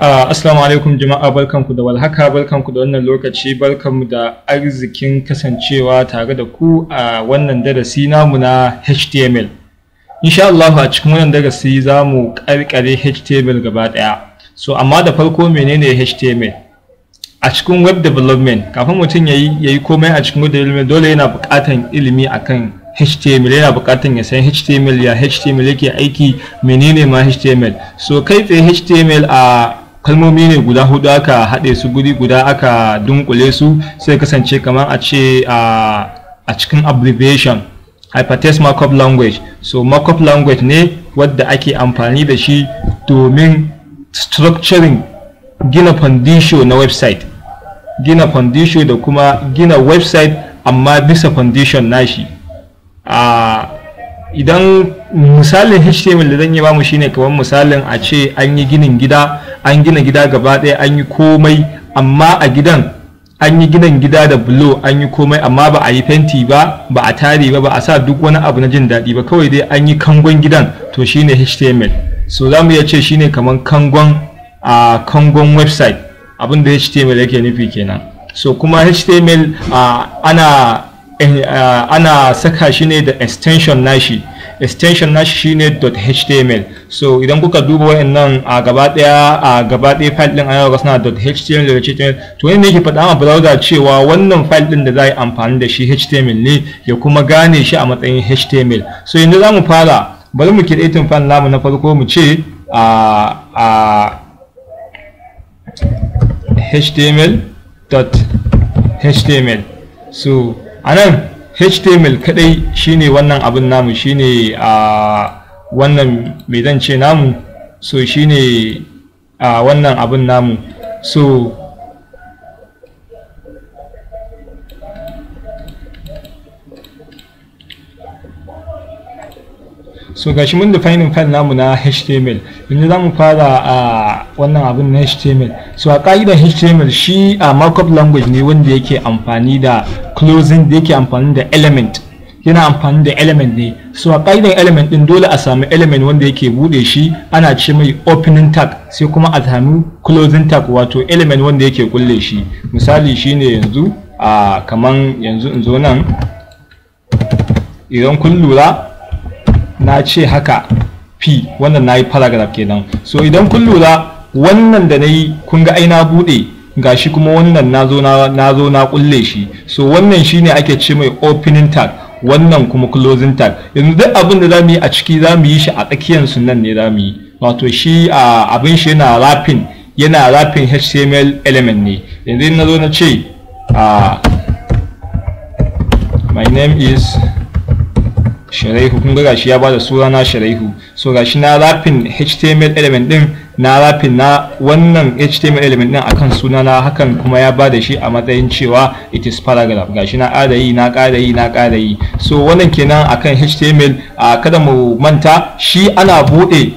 Uh, Assalamu alaikum jama'a barkanku da walhaka barkanku da wannan lokaci barkanmu da arzikin kasancewa tare da ku a wannan darasi namu na HTML. Insha Allah a cikin wannan darasi za mu karkare HTML gaba ɗaya. So amma da farko menene HTML? A cikin web development kafin mutum ya yi komai a cikin web development dole yana buƙatan ilimi akan HTML yana buƙatar ya san HTML ya HTML yake aiki menene ma HTML. So kai tsaye HTML a kalmomi ne guda hudu aka haɗe su guri guda aka dunkule su sai kasance kamar a ce a cikin abbreviation hypertext markup language so markup language ne wadda ake amfani da shi domin structuring gina fondisho na website gina fondisho da kuma gina website amma bisa na nashi idan misalin html da zan yi mu shine kamar misalin a ce an yi ginin gida an gina gida gaba ɗaya an yi komai amma a gidan an yi gidan gida da bulo an yi komai amma ba a yi fenti ba ba a tare ba ba a sa duk wani abu na jin daɗi ba kawai dai an yi kangon gidan to shine html so za mu iya ce shine kamar kangon a kangon website abin da html yake nufi kenan so kuma html ana eh, ana saka shi ne da extension nashi extension nashi shine .html so idan kuka duba nan a gaba daya a gaba daya file din ayawa ga suna .html da .html to wani ne ke faɗa ma browser cewa wannan file din da za yi amfani da shi html ne ya kuma gane shi a matsayin html so yanzu za mu fara bari mu creating file namu na farko mu ce a a html.html so anan html kadai shine wannan abin namu shine a wannan mai zan ce namu so shine a wannan abin namu so so gashi mun defining file namu na html yanzu za mu fara a wannan abin na html so a ƙa'idar html shi a markup language ne wanda yake amfani da closing da yake amfani da element yana amfani da element ne so a ƙa'idan element ɗin dole a samu element wanda yake buɗe shi ana ce mai opening tag sai kuma a samu closing tag wato element wanda yake kulle shi misali shine yanzu a kaman yanzu in zo nan idan kun lura na ce haka p wannan na yi paragraph kenan so idan kun lura wannan da na yi kun ga aina buɗe gashi kuma wannan nazo na nazo na kulle shi so wannan shine ake ce mai opening tag wannan kuma closing tag yanzu duk abin da zamu yi a ciki zamu yi shi a tsakiyar su nan ne zamu yi wato shi abin shi yana wrapping yana wrapping html element ne yanzu na zo na ce my name is sharaihu kun ga gashi ya bada sura na sharaihu so gashi na wrapping html element din na rafin na wannan html element din akan suna na hakan kuma ya bada shi a matsayin cewa it is paragraph gashi na ƙara yi na ƙara yi na ƙara yi so wannan kenan akan html a kada mu manta shi ana bude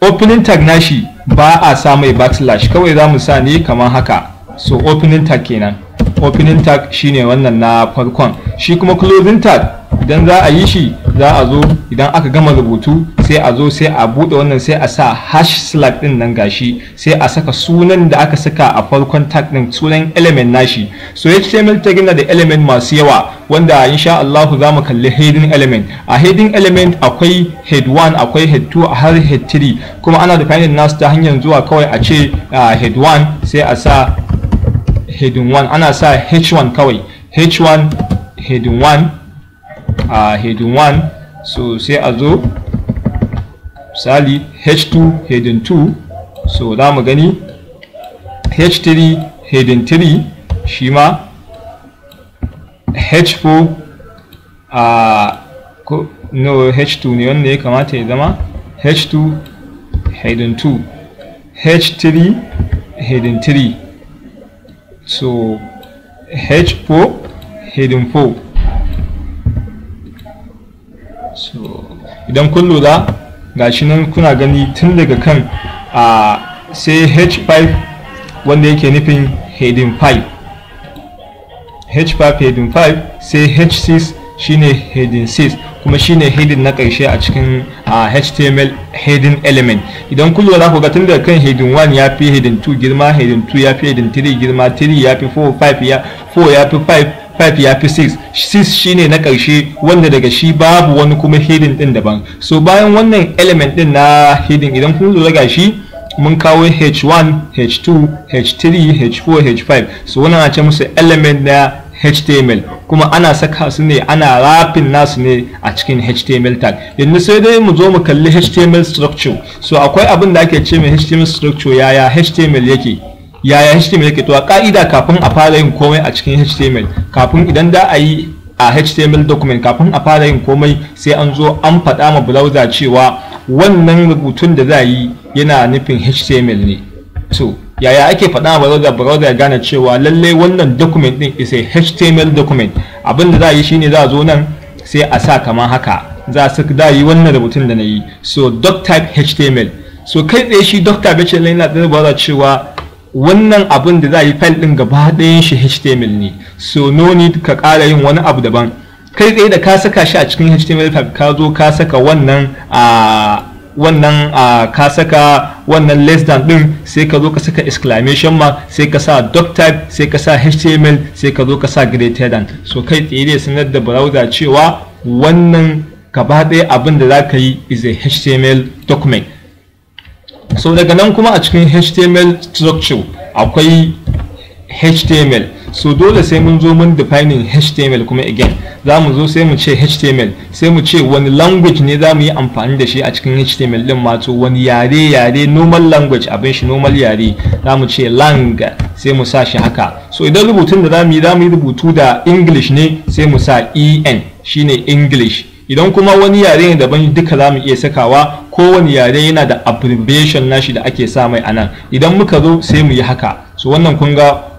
opening tag nashi ba a sa mai backslash kawai za mu sa ne kamar haka so opening tag kenan opening tag shine wannan na farkon shi kuma closing tag idan za a yi shi za a zo idan aka gama rubutu sai a zo sai a bude wannan sai a sa hash slack din nan gashi sai a saka sunan da aka saka a farkon tag din sunan element nashi so html tag na da element masu yawa wanda insha Allah za mu kalli heading element a heading element akwai head 1 akwai head 2 har head 3 kuma ana da nasu ta hanyar zuwa kawai a ce ah, head 1 sai a sa heading 1 ana sa h1 kawai h1 heading 1 a heading 1 so sai a zo misali h2 heading 2 so za mu gani h3 heading 3 shi ma h4 a uh, no h2 ne wanda ya kamata ya zama h2 heading 2 h3 heading 3 so h 4 hidden po so idan kun lura gashi nan kuna gani tun daga kan a sai h5 wanda yake nufin hidden 5 h5 hidden 5 sai h6 shine heading 6 kuma shine heading na karshe a cikin html heading element idan ku lura ku ga tun da kan heading 1 ya fi heading 2 girma heading 2 ya fi heading 3 girma 3 ya fi 4 5 ya 4 ya fi 5 5 ya fi 6 6 shine na karshe wanda daga shi babu wani kuma heading din daban so bayan wannan element din na heading idan kun lura ga shi mun kawo h1 h2 h3 h4 h5 so wannan a ce musu element na html kuma ana saka su ne ana rafin nasu ne a cikin html tag yanzu sai dai mu zo mu kalli html structure so akwai abin da ake ce mai html structure yaya html yake yaya html yake to a ka'ida kafin a fara yin komai a cikin html kafin idan da a yi a html document kafin a fara yin komai sai an zo an faɗa ma browser cewa wannan rubutun da za yi yana nufin html ne so yaya ake faɗa da browser ya gane cewa lallai wannan document din is a html document abin da za yi shine za a zo nan sai a sa kamar haka za su da yi wannan rubutun da na yi so doc type html so kai tsaye shi doc type html yana da browser cewa wannan abin da za a yi file din gaba ɗayan shi html ne so no need ka ƙara yin wani abu daban kai tsaye da ka saka shi a cikin html ka zo ka saka wannan a ah, wannan ah, ka saka wannan less than din sai ka zo ka saka exclamation mark sai ka sa doc type sai ka sa html sai ka zo ka sa greater than so kai tsere sanar da browser cewa wannan gaba ɗaya abin da za ka yi is a html document so daga nan kuma a cikin html structure akwai html so dole sai mun zo mun defining html kuma again za mu zo sai mu ce html sai mu ce wani language ne za mu yi amfani da shi a cikin html ɗin mato wani yare yare normal language abin shi normal yare za mu ce lang sai mu sa shi haka so idan rubutun da za mu yi za mu yi rubutu da english ne sai mu sa en shine english idan kuma wani yare ne daban duka za mu iya sakawa kowane yare yana da abbreviation nashi da ake sa mai anan idan muka zo sai mu yi haka so wannan kun ga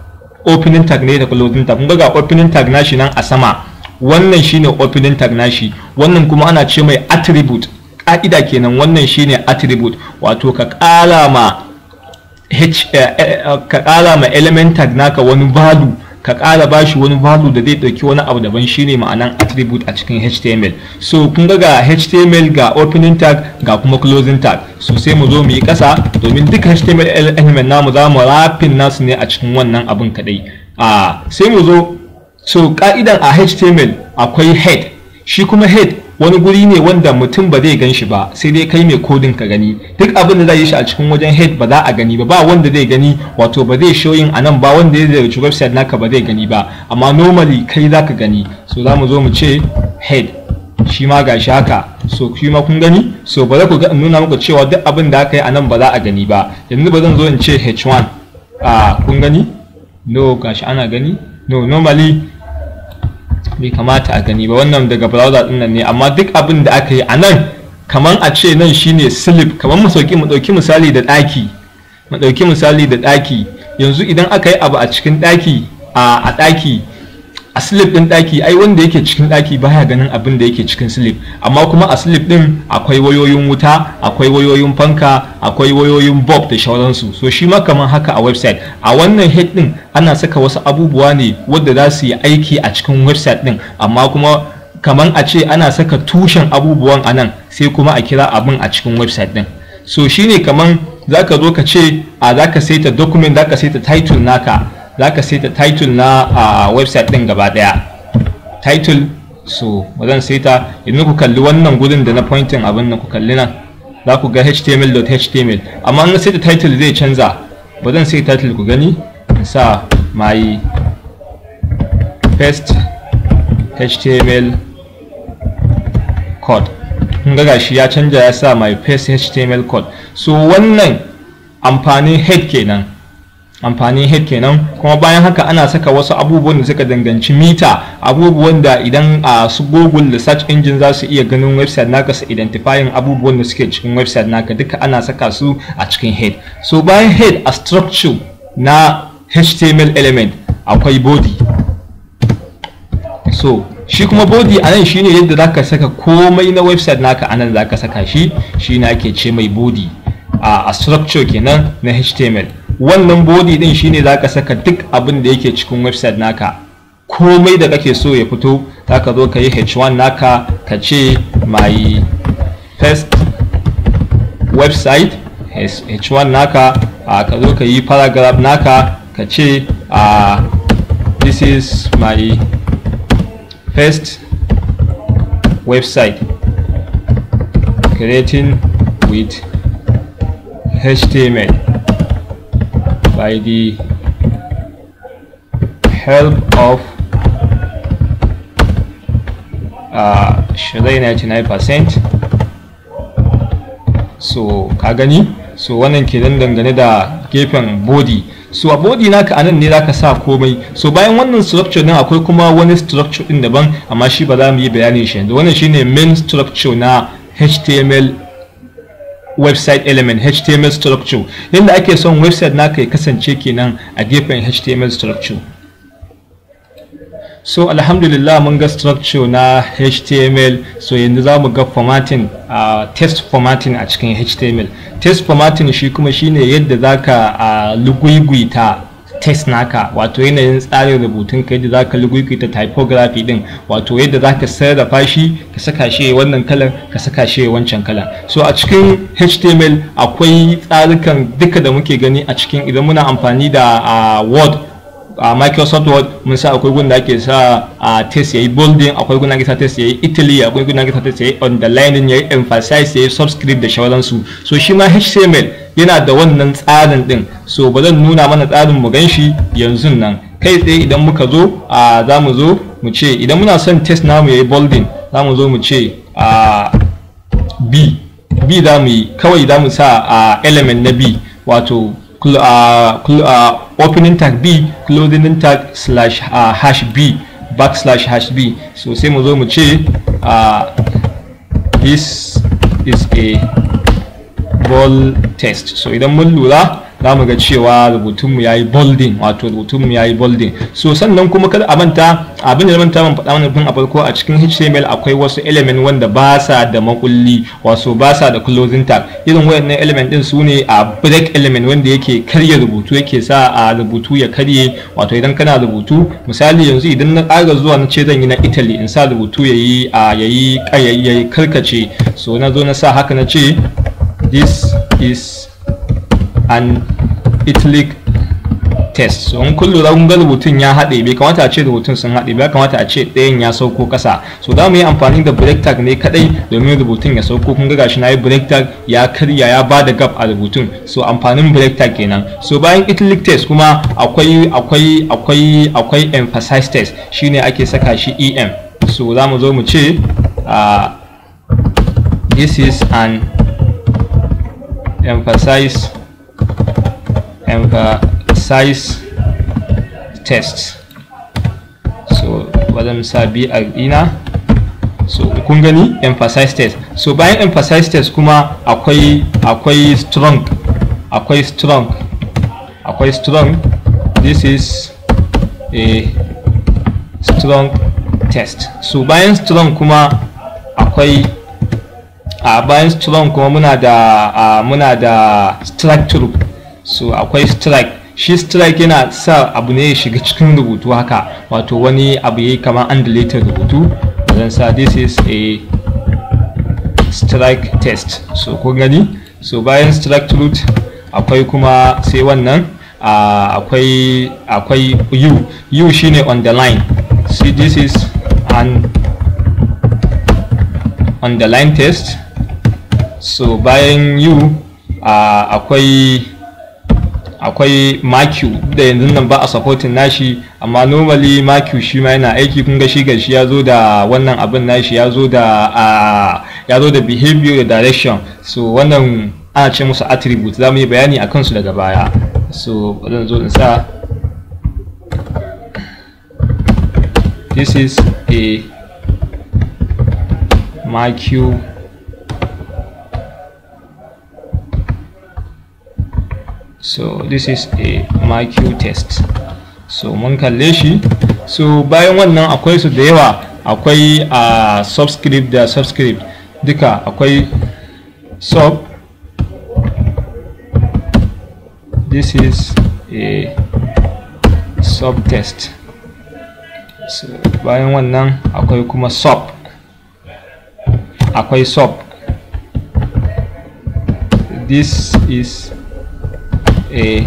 opening tag ne da closing tag ga opening tag nashi nan a sama wannan shine opening tag nashi wannan kuma ana ce mai attribute ka'ida kenan wannan shine attribute wato ka kala ma h eh, eh, eh, ka kala element tag naka wani value ka ƙara ba shi wani valu da zai ɗauki wani abu daban shine ma'anan attribute a cikin html so kun ga ga html ga opening tag ga kuma closing tag so sai mu zo mu yi ƙasa domin duk html element namu za mu rafin nasu ne a cikin wannan abin kaɗai sai mu zo so ka'idan a html akwai head shi kuma head wani guri ne wanda mutum ba zai gan shi ba sai dai kai mai kodin ka gani duk abin da zai yi shi a cikin wajen head ba za a gani ba ba wanda zai gani wato ba zai showing a nan ba wanda ya zai website naka ba zai gani ba amma normally kai za ka gani so za mu zo mu ce head shi ma ga haka so shi ma kun gani so ba za ku nuna muku cewa duk abin da aka yi a nan ba za a gani ba yanzu ba zan zo in ce h1 a ah, kun gani no gashi ana gani no normally bai kamata a gani ba wannan daga browser din nan ne amma duk abin da aka yi a nan kamar a ce nan shine slip kamar mu sauki mu dauki misali da daki mu dauki misali da daki yanzu idan aka yi abu a cikin daki a daki a slip din daki ai wanda yake cikin daki baya ganin abin da yake cikin slip amma kuma a slip din akwai wayoyin wuta akwai wayoyin fanka akwai wayoyin bob da shauransu so shi ma kamar haka a website a wannan head din ana saka wasu abubuwa ne wadda za su yi aiki a cikin website din amma kuma kamar a ce ana saka tushen abubuwan a nan sai kuma a kira abin a cikin website din so shine kamar zaka zo ka ce a zaka saita document zaka saita title naka za ka saita title na a website ɗin gaba ɗaya title so ba zan saita idan ku kalli wannan gudun da na pointing abin nan ku kalli nan za ku ga html.html amma an saita title zai canza ba zan sai title ku gani in sa my paste html code kun ga gashi ya canja ya sa my paste html code so wannan amfanin head kenan amfanin head kenan kuma bayan haka ana saka wasu abubuwan da suka danganci mita abubuwan da idan a su google da search engine za su iya ganin website naka su identifying abubuwan da suke cikin website naka duka ana saka su a cikin head so bayan head a structure na html element akwai body so shi kuma body a nan shine yadda za ka saka komai na website naka a nan za ka saka shi shi na ke ce mai body a structure kenan na html wannan body din shine za ka saka duk abin da yake cikin website naka komai da kake so ya fito za ka zo ka yi h1 naka ka ce my first website h1 naka a ka zo ka yi paragraph naka ka ce a this is my first website creating with html by the help of uh, 99% so ka gani so wannan kenan dangane da gefen body so a body naka anan ne zaka sa komai so bayan wannan structure din akwai kuma wani structure din daban amma shi ba za mu yi bayanin shi yanzu wannan shine main structure na html website element html structure yadda ake son website naka ya kasance kenan a gefen html structure so alhamdulillah mun ga structure na html so yanzu za mu ga formatting uh, test formatting a cikin html test formatting shi kuma shine yadda zaka uh, lugwigwita text naka wato yanayin tsarin rubutun ka yadda za ka ta typography din wato yadda za ka sarrafa shi ka saka shi wannan kalan ka saka shi wancan kalan so a cikin html akwai tsarukan duka da muke gani a cikin idan muna amfani da ah, word a microsoft word mun sa akwai gun da ake sa a test yayi bolding akwai gun da ake sa test yayi italy akwai gun da ake sa test yayi underlining yayi emphasize yayi subscript da shawaransu so shi ma html yana da wannan tsarin din so ba zan nuna mana tsarin mu gan shi yanzu nan kai tsaye idan muka zo a za mu zo mu ce idan muna son test namu yayi bolding za mu zo mu ce a b b za mu yi kawai za mu sa a element na b wato a opening tag b closing tag slash uh, hash b backslash hash b so sai mu zo mu ce uh, this is a ball test so idan mun lura za mu ga cewa rubutunmu ya yi bolding wato rubutunmu ya yi bolding so sannan kuma kada a manta abin da manta man faɗa mana a farko a cikin html akwai wasu element wanda ba sa da makulli wasu ba sa da closing tag irin wayannan element din su ne a break element wanda yake karya rubutu yake sa a rubutu ya karye wato idan kana rubutu misali yanzu idan na ƙara zuwa na ce zan yi na italy in sa rubutu ya yi a yi karkace so na zo na sa haka na ce this is an italic test so in kun lura kun ga rubutun ya haɗe bai kamata a ce rubutun sun haɗe ba kamata a ce ɗayan ya sauko ƙasa so za mu yi amfani da break tag ne kaɗai domin rubutun ya sauko kun ga gashi na yi break tag ya karya ya ba da gap a rubutun so amfanin break tag kenan so bayan italic test kuma akwai akwai akwai akwai emphasize test shine ake saka shi em so za mu zo mu ce this is an emphasize and uh, the size test so wajen sa br agina so kun gani emphasize test so bayan emphasize test kuma akwai akwai strong akwai strong akwai strong this is a strong test so bayan strong kuma akwai a bayan strong kuma muna da muna da structure so akwai strike shi strike yana sa abu ne ya shiga cikin rubutu haka wato wani abu ya yi kamar undulated rubutu zan sa this is a strike test so ko gani so bayan strike truth akwai kuma sai wannan ah, akwai akwai u u shine on the line see this is an on the line test so bayan u ah, akwai akwai maku da yanzu nan ba a supporting nashi amma normally maku shi ma yana aiki kun ga shi ga ya zo da wannan abin nashi ya zo da ya zo da behavior da direction so wannan ana ce musu attribute za mu yi bayani a kansu daga baya so zan zo in sa this is a makiu so this is a MyQ test so mun kalle shi so bayan wannan akwai su da yawa akwai a subscript da subscript duka akwai sub this is a test so bayan wannan akwai kuma sub akwai sub this is a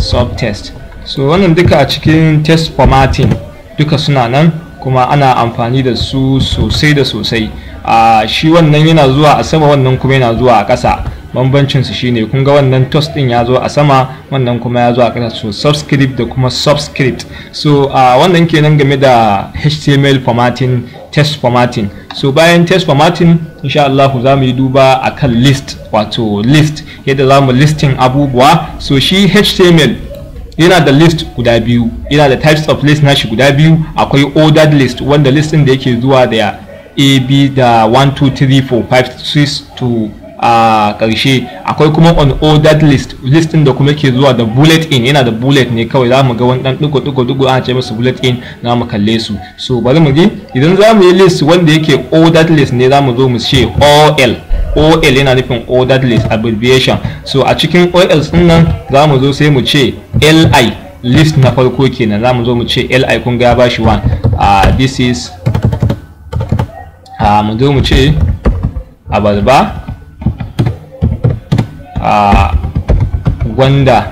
subtest so wannan duka a cikin test formatting duka suna nan kuma ana amfani da su sosai da sosai a shi wannan yana zuwa a sama wannan kuma yana zuwa a ƙasa bambancin su shine kun ga wannan toast din ya zo a sama wannan kuma ya zo a ƙasa so subscript da kuma subscript so a wannan kenan game da html formatting test formatting so bayan test formatting insha Allah za mu yi duba akan list wato list yadda za mu listing abubuwa so shi html yana da list guda biyu yana da types of list nashi guda biyu akwai ordered list wanda list din da yake zuwa da a b da 1 2 3 4 5 6 to a ƙarshe akwai kuma on ordered list list da kuma ke zuwa da bullet in yana da bullet ne kawai za mu ga wani dan digo digo digo ana ce musu bullet in na mu kalle su so bari mu je idan za mu yi list wanda yake ordered list ne za mu zo mu ce ol ol yana nufin ordered list abbreviation so a cikin ol din nan za mu zo sai mu ce li list na farko kenan za mu zo mu ce li kun ga ya bashi 1 uh, this is uh, mu zo mu ce abarba a gwanda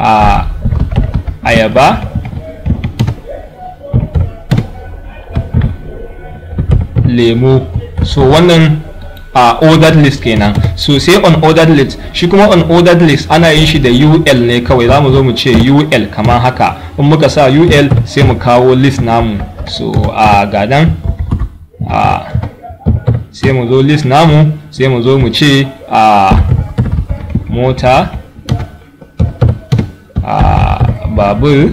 a ayaba lemu so wannan a uh, ordered list kenan so sai on ordered list shi kuma on ordered list ana yin shi da ul ne kawai za mu zo mu ce ul kamar haka in muka sa ul sai mu kawo list namu so a uh, gadan a uh, sai mu zo list namu sai mu zo mu ce a mota a babur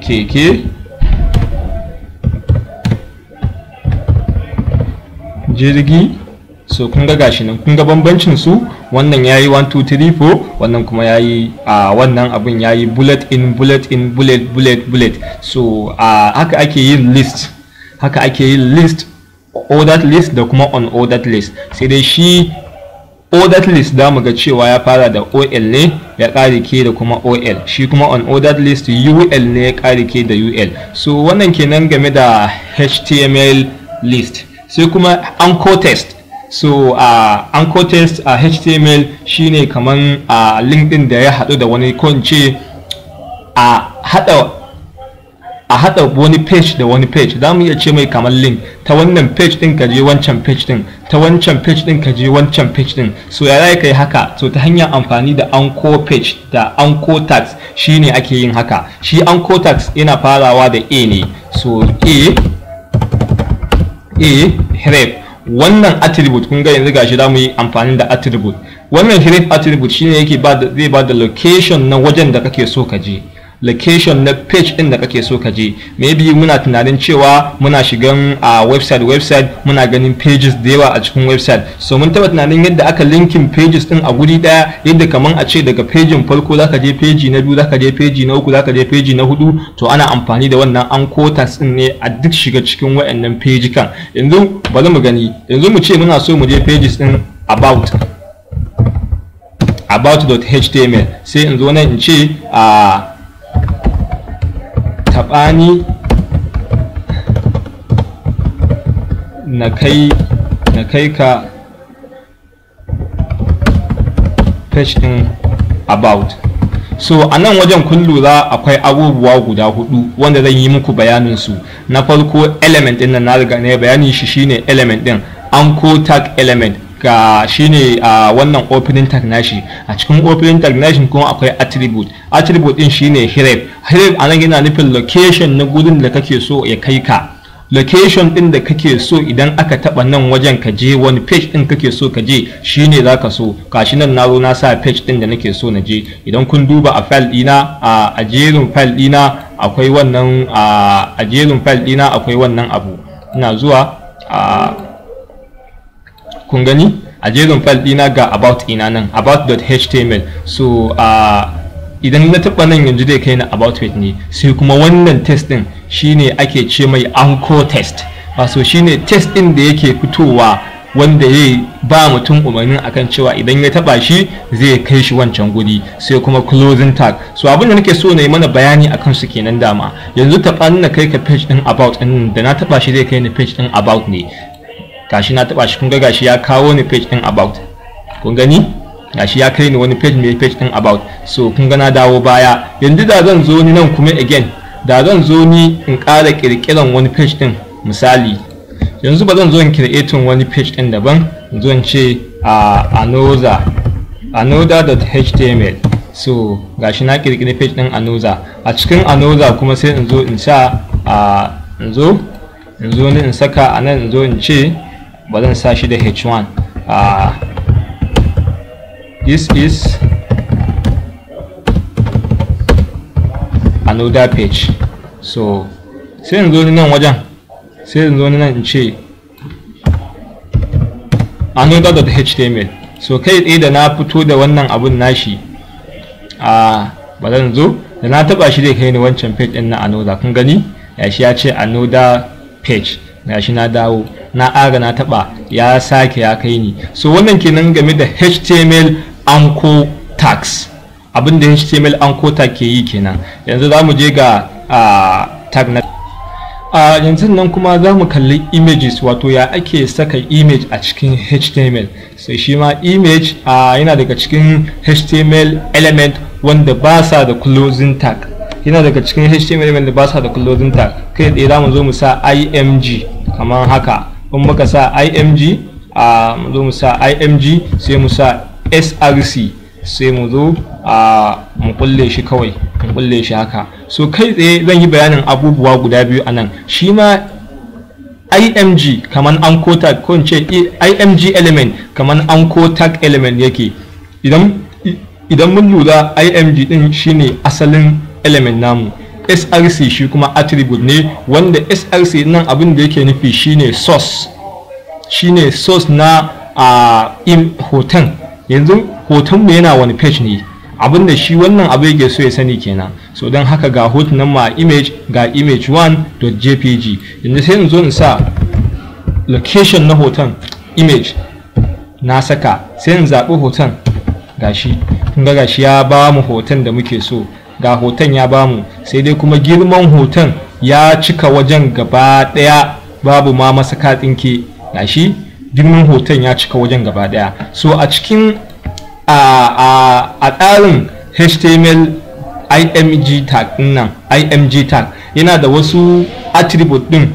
keke jirgi so kun ga gashi nan kun ga bambancin su wannan yayi 1 2 3 4 wannan kuma yayi a uh, wannan abun yayi bullet in bullet in bullet bullet bullet so a uh, haka ake yin list haka ake yin list ordered list da kuma unordered list sai dai shi ordered list da mu ga cewa ya fara da ol ne ya ƙare ke da kuma ol shi kuma unordered list ul ne ya ƙare ke da ul so wannan kenan game da html list sai kuma anchor test so a uh, anchor test a uh, html shine kaman a uh, linkedin da ya haɗu da wani ko a uh, haɗa a haɗa wani page da wani page za mu iya ce mai kamar link ta wannan page ɗin ka je wancan page ɗin ta wancan page ɗin ka je wancan page ɗin so ya yi kai haka so ta hanyar amfani da ko page da anchor tax ne ake yin haka shi ko tax yana farawa da a ne so a a href wannan attribute kun ga yanzu gashi za mu yi amfani da attribute wannan href attribute shine yake zai ba da location na wajen da kake so ka je location na page ɗin da kake so ka je maybe muna tunanin cewa muna shigan a website website muna ganin pages da yawa a cikin website so mun taba tunanin yadda aka linkin pages ɗin a guri daya yadda kaman a ce daga pagin farko zaka je page na biyu zaka je page na uku zaka je page na hudu to ana amfani da wannan anchors ɗin ne a duk shiga cikin wayannan page kan yanzu bari mu gani yanzu mu ce muna so mu je pages din about about.html sai in zo nan in ce a taɓani na kai ka page ɗin about so a nan wajen kun lura akwai abubuwa guda hudu wanda zan yi muku bayanin su na farko element din nan na riga ne bayanin shi shine element din ko tag element ga shine a wannan opening tag nashi a cikin opening tag nashi kuma akwai attribute attribute din shine href href anan yana nufin location na gudun da kake so ya kai ka location din da kake so idan aka taba nan wajen ka je wani page din kake so ka je shine ka so kashi nan na zo na sa page din da nake so na je idan kun duba a file dina a jerin file dina akwai wannan a jerin file dina akwai wannan abu ina zuwa kun gani a jerin file dina ga about ina nan about.html so a idan na taɓa nan yanzu dai kai na about page ne sai kuma wannan test din shine ake ce mai anchor test so shine test din da yake fitowa wanda ya ba mutum umarnin akan cewa idan ya taba shi zai kai shi wancan guri sai kuma closing tag so abin da nake so na yi mana bayani akan su kenan dama yanzu taba na kai ka page din about din da na taba shi zai kai ni page din about ne gashi na taba shi kun ga gashi ya kawo ni page din about kun gani gashi ya kai ni wani page mai page din about so kun ga na dawo baya yanzu da zan zo ni nan kuma again da zan zo ni in ƙara ƙirƙiran wani page din misali yanzu ba zan zo in creating wani page din daban zo in ce anoza another.html so gashi na kirkiri page din anoza a cikin anoza kuma sai in zo in sa in zo in zo ni in saka a nan in zo in ce ba zan sa shi da h1 uh, ah. this is another page so sai in zo nan wajen sai in zo nan in ce another.html so kai tsaye da na fito da wannan abun nashi a ba zan zo da na taba shi zai kai ni wancan page din na another kun gani ya shi ya ce another page ya shi na dawo na aga na taɓa ya sake ya kai ni so wannan kenan game da html anko tags abin da html anko tag ke yi kenan yanzu za mu je ga tag na a yanzu nan kuma za mu kalli images wato ya ake saka image a cikin html sai shi ma image yana daga cikin html element wanda ba sa da closing tag yana daga cikin html element da ba sa da closing tag kai tsaye za mu zo mu sa img kamar haka in muka sa img a zo mu sa img sai mu sa src sai mu zo a mu kulle shi kawai mu kulle shi haka so kai tsaye zan yi bayanin abubuwa guda biyu a nan shi ma img kamar an tag ko ce img element kamar an tag element yake idan mun lura img din shine asalin element namu src shi kuma attribute ne wanda src nan abin da yake nufi shine source shine source na a hoton yanzu hoton mu yana wani page ne abinda shi wannan abu yake so ya sani kenan so don haka ga nan ma image ga image1.jpg yanzu sai in zo in sa location na hoton image na saka sai in zaɓi hoton gashi kun ga gashi ya ba mu hoton da muke so ga hoton ya bamu sai dai kuma girman hoton ya cika wajen gaba daya babu ma masaka tsinke gashi girman hoton ya cika wajen gaba daya so a cikin a tsarin html img tag nan img tag yana da wasu attribute din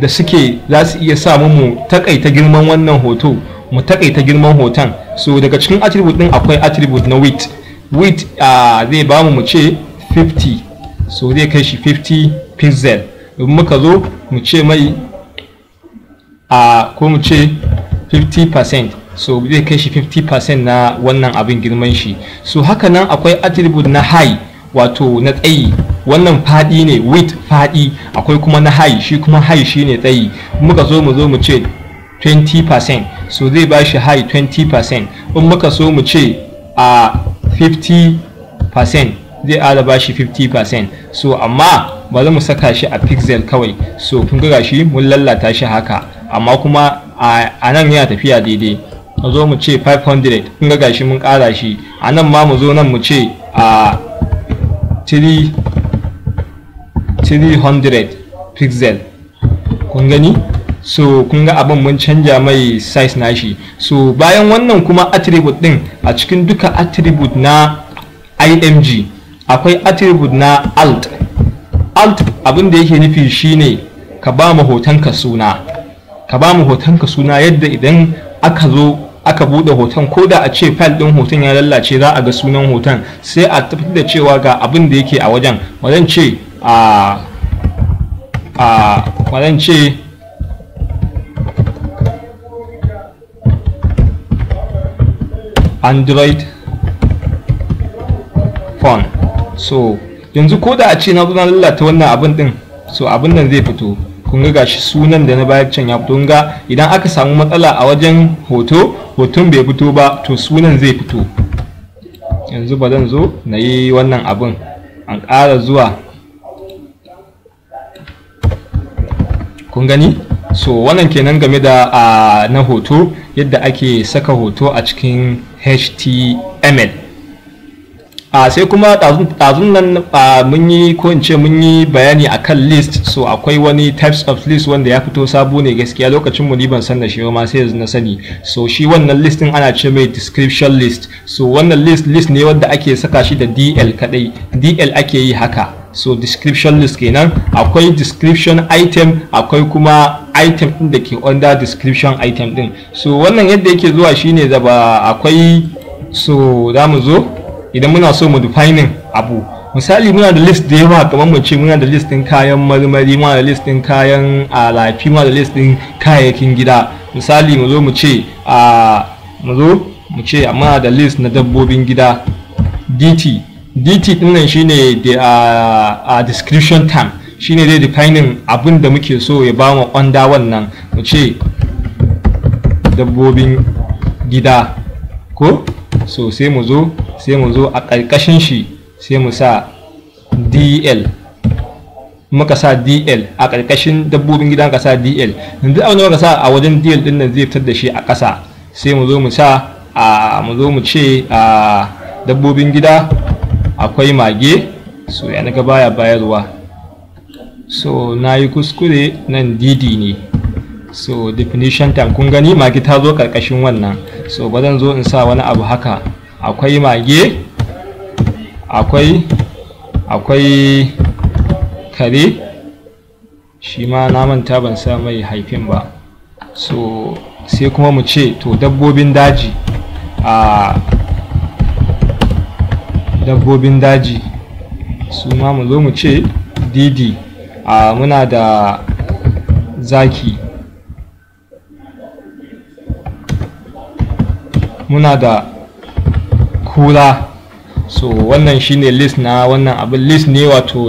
da suke za su iya samu mu takaita girman wannan hoto mu takaita girman hoton so daga cikin attribute din akwai attribute na width width ah, zai ba mu ce 50 so zai kai shi 50 pixel in muka zo mu ce mai a ah, ko mu ce 50% so zai kai shi 50% na wannan abin girman shi so haka nan akwai attribute na high wato na tsayi wannan fadi ne width fadi akwai kuma na high shi kuma high shine tsayi muka zo mu zo mu ce 20% so zai ba shi high 20% in muka so mu ce a ah, 50% zai ala ba shi 50% so amma ba za mu saka shi a pixel kawai so kun ga shi mun lallata shi haka amma kuma a nan yana tafiya daidai a zo mu ce 500 kun ga shi mun ƙara shi a nan ma mu zo nan mu ce a 300 pixel kun gani so kun ga abin mun canja mai size shi. so bayan wannan kuma attribute din a cikin duka attribute na img akwai attribute na alt alt abin da yake nufi shine ka ba mu hotonka suna ka ba mu hotonka suna yadda idan aka zo aka buɗe hoton ko da a ce file ɗin hoton ya lalace za a ga sunan hoton sai a tabbatar da cewa ga abin da yake a wajen wajen ce a a wajen ce android phone so yanzu ko da a ce na zo na lalata wannan abin din so abin nan zai fito kun ga gashi sunan da na bayar can ya fito ga idan aka samu matsala a wajen hoto hoton bai fito ba to sunan zai fito yanzu ba zan zo na yi wannan abin an ƙara zuwa kun gani so wannan kenan game da uh, na hoto yadda ake saka hoto a cikin html a uh, sai kuma ɗazun nan uh, mun yi ko in ce mun yi bayani a kan list so akwai wani types of list wanda ya fito sabo ne gaskiya lokacin mu ni ban san da shi ma sai yanzu na sani so shi wannan list ana ce mai description list so wannan list list ne wanda ake saka shi da dl kadai dl ake yi haka so description list kenan akwai description item akwai kuma item din da ke under description item din so wannan yadda yake zuwa shine da ba akwai so za mu zo idan muna so mu defining abu misali muna da list da yawa kamar mu ce muna da list din kayan marmari muna da list din kayan alafi ah, muna da list din kayayyakin gida misali mu zo mu ce a ah, mu zo mu ce muna da list na dabbobin gida dt dt dinnan shine the a uh, uh, description term shine dai defining abin da muke so ya ba mu under wannan mu ce dabbobin gida ko so sai mu zo sai mu zo a ƙarƙashin shi sai mu sa dl muka sa dl a ƙarƙashin dabbobin gida ka sa dl yanzu abin da muka sa a wajen dl din nan zai fitar da shi a ƙasa sai mu zo mu sa a uh, mu zo mu ce a dabbobin gida akwai mage so ya naga baya bayarwa so na yi kuskure nan didi ne so definition time kun gani mage ta zo karkashin wannan so ba zan zo in sa wani abu haka akwai mage akwai akwai kare shi ma na manta ban sa mai haifin ba so sai kuma mu ce to dabbobin daji a ah, dabbobin daji su ma mu zo mu ce didi a muna da zaki muna da kura so wannan shine list na wannan abin list ne wato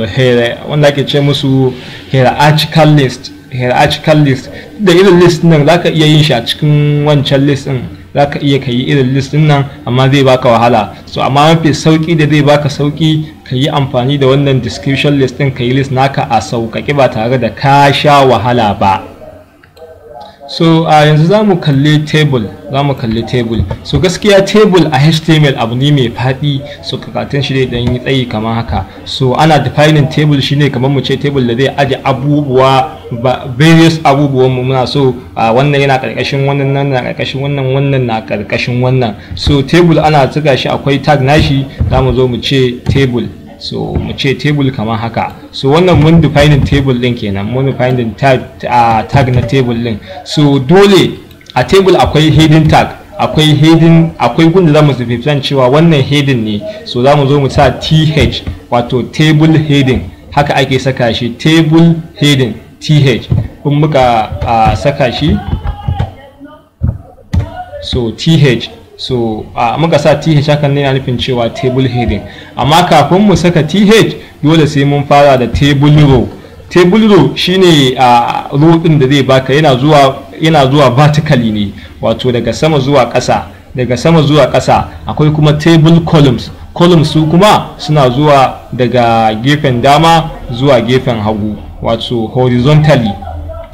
wanda ake ce musu hierarchical list hierarchical list da irin list nan za ka iya yin shi a cikin wancan list din za ka iya ka yi irin list ɗin nan amma zai baka wahala so amma mafi sauki da zai baka sauki ka yi amfani da wannan description list ɗin ka yi list naka a sauƙaƙe ba tare da ka sha wahala ba so a yanzu za mu kalli table za mu kalli table so gaskiya table a html abu ne mai faɗi so kakatun shi dai dan yi tsayi kamar haka so ana defining table shine kamar mu ce table da zai aje abubuwa various abubuwan mu muna so wannan yana karkashin wannan nan na karkashin wannan wannan na karkashin wannan so table ana tsiga shi akwai tag nashi zamu zo mu ce table so mu ce table kamar haka so wannan mun defining table din kenan mun defining tag tag na table din so dole a table akwai hidden tag akwai hidden akwai gunda zamu specify cewa wannan hidden ne so zamu zo mu sa th wato table hidden haka ake saka shi table hidden th in muka saka shi so th so muka sa th hakan ne na nufin cewa table heading amma kafin mu saka th dole sai mun fara da table row table row shine a uh, row din da zai baka yana zuwa yana zuwa vertically ne wato daga sama zuwa ƙasa daga sama zuwa ƙasa akwai kuma table columns columns su kuma suna zuwa daga gefen dama zuwa gefen hagu wato horizontally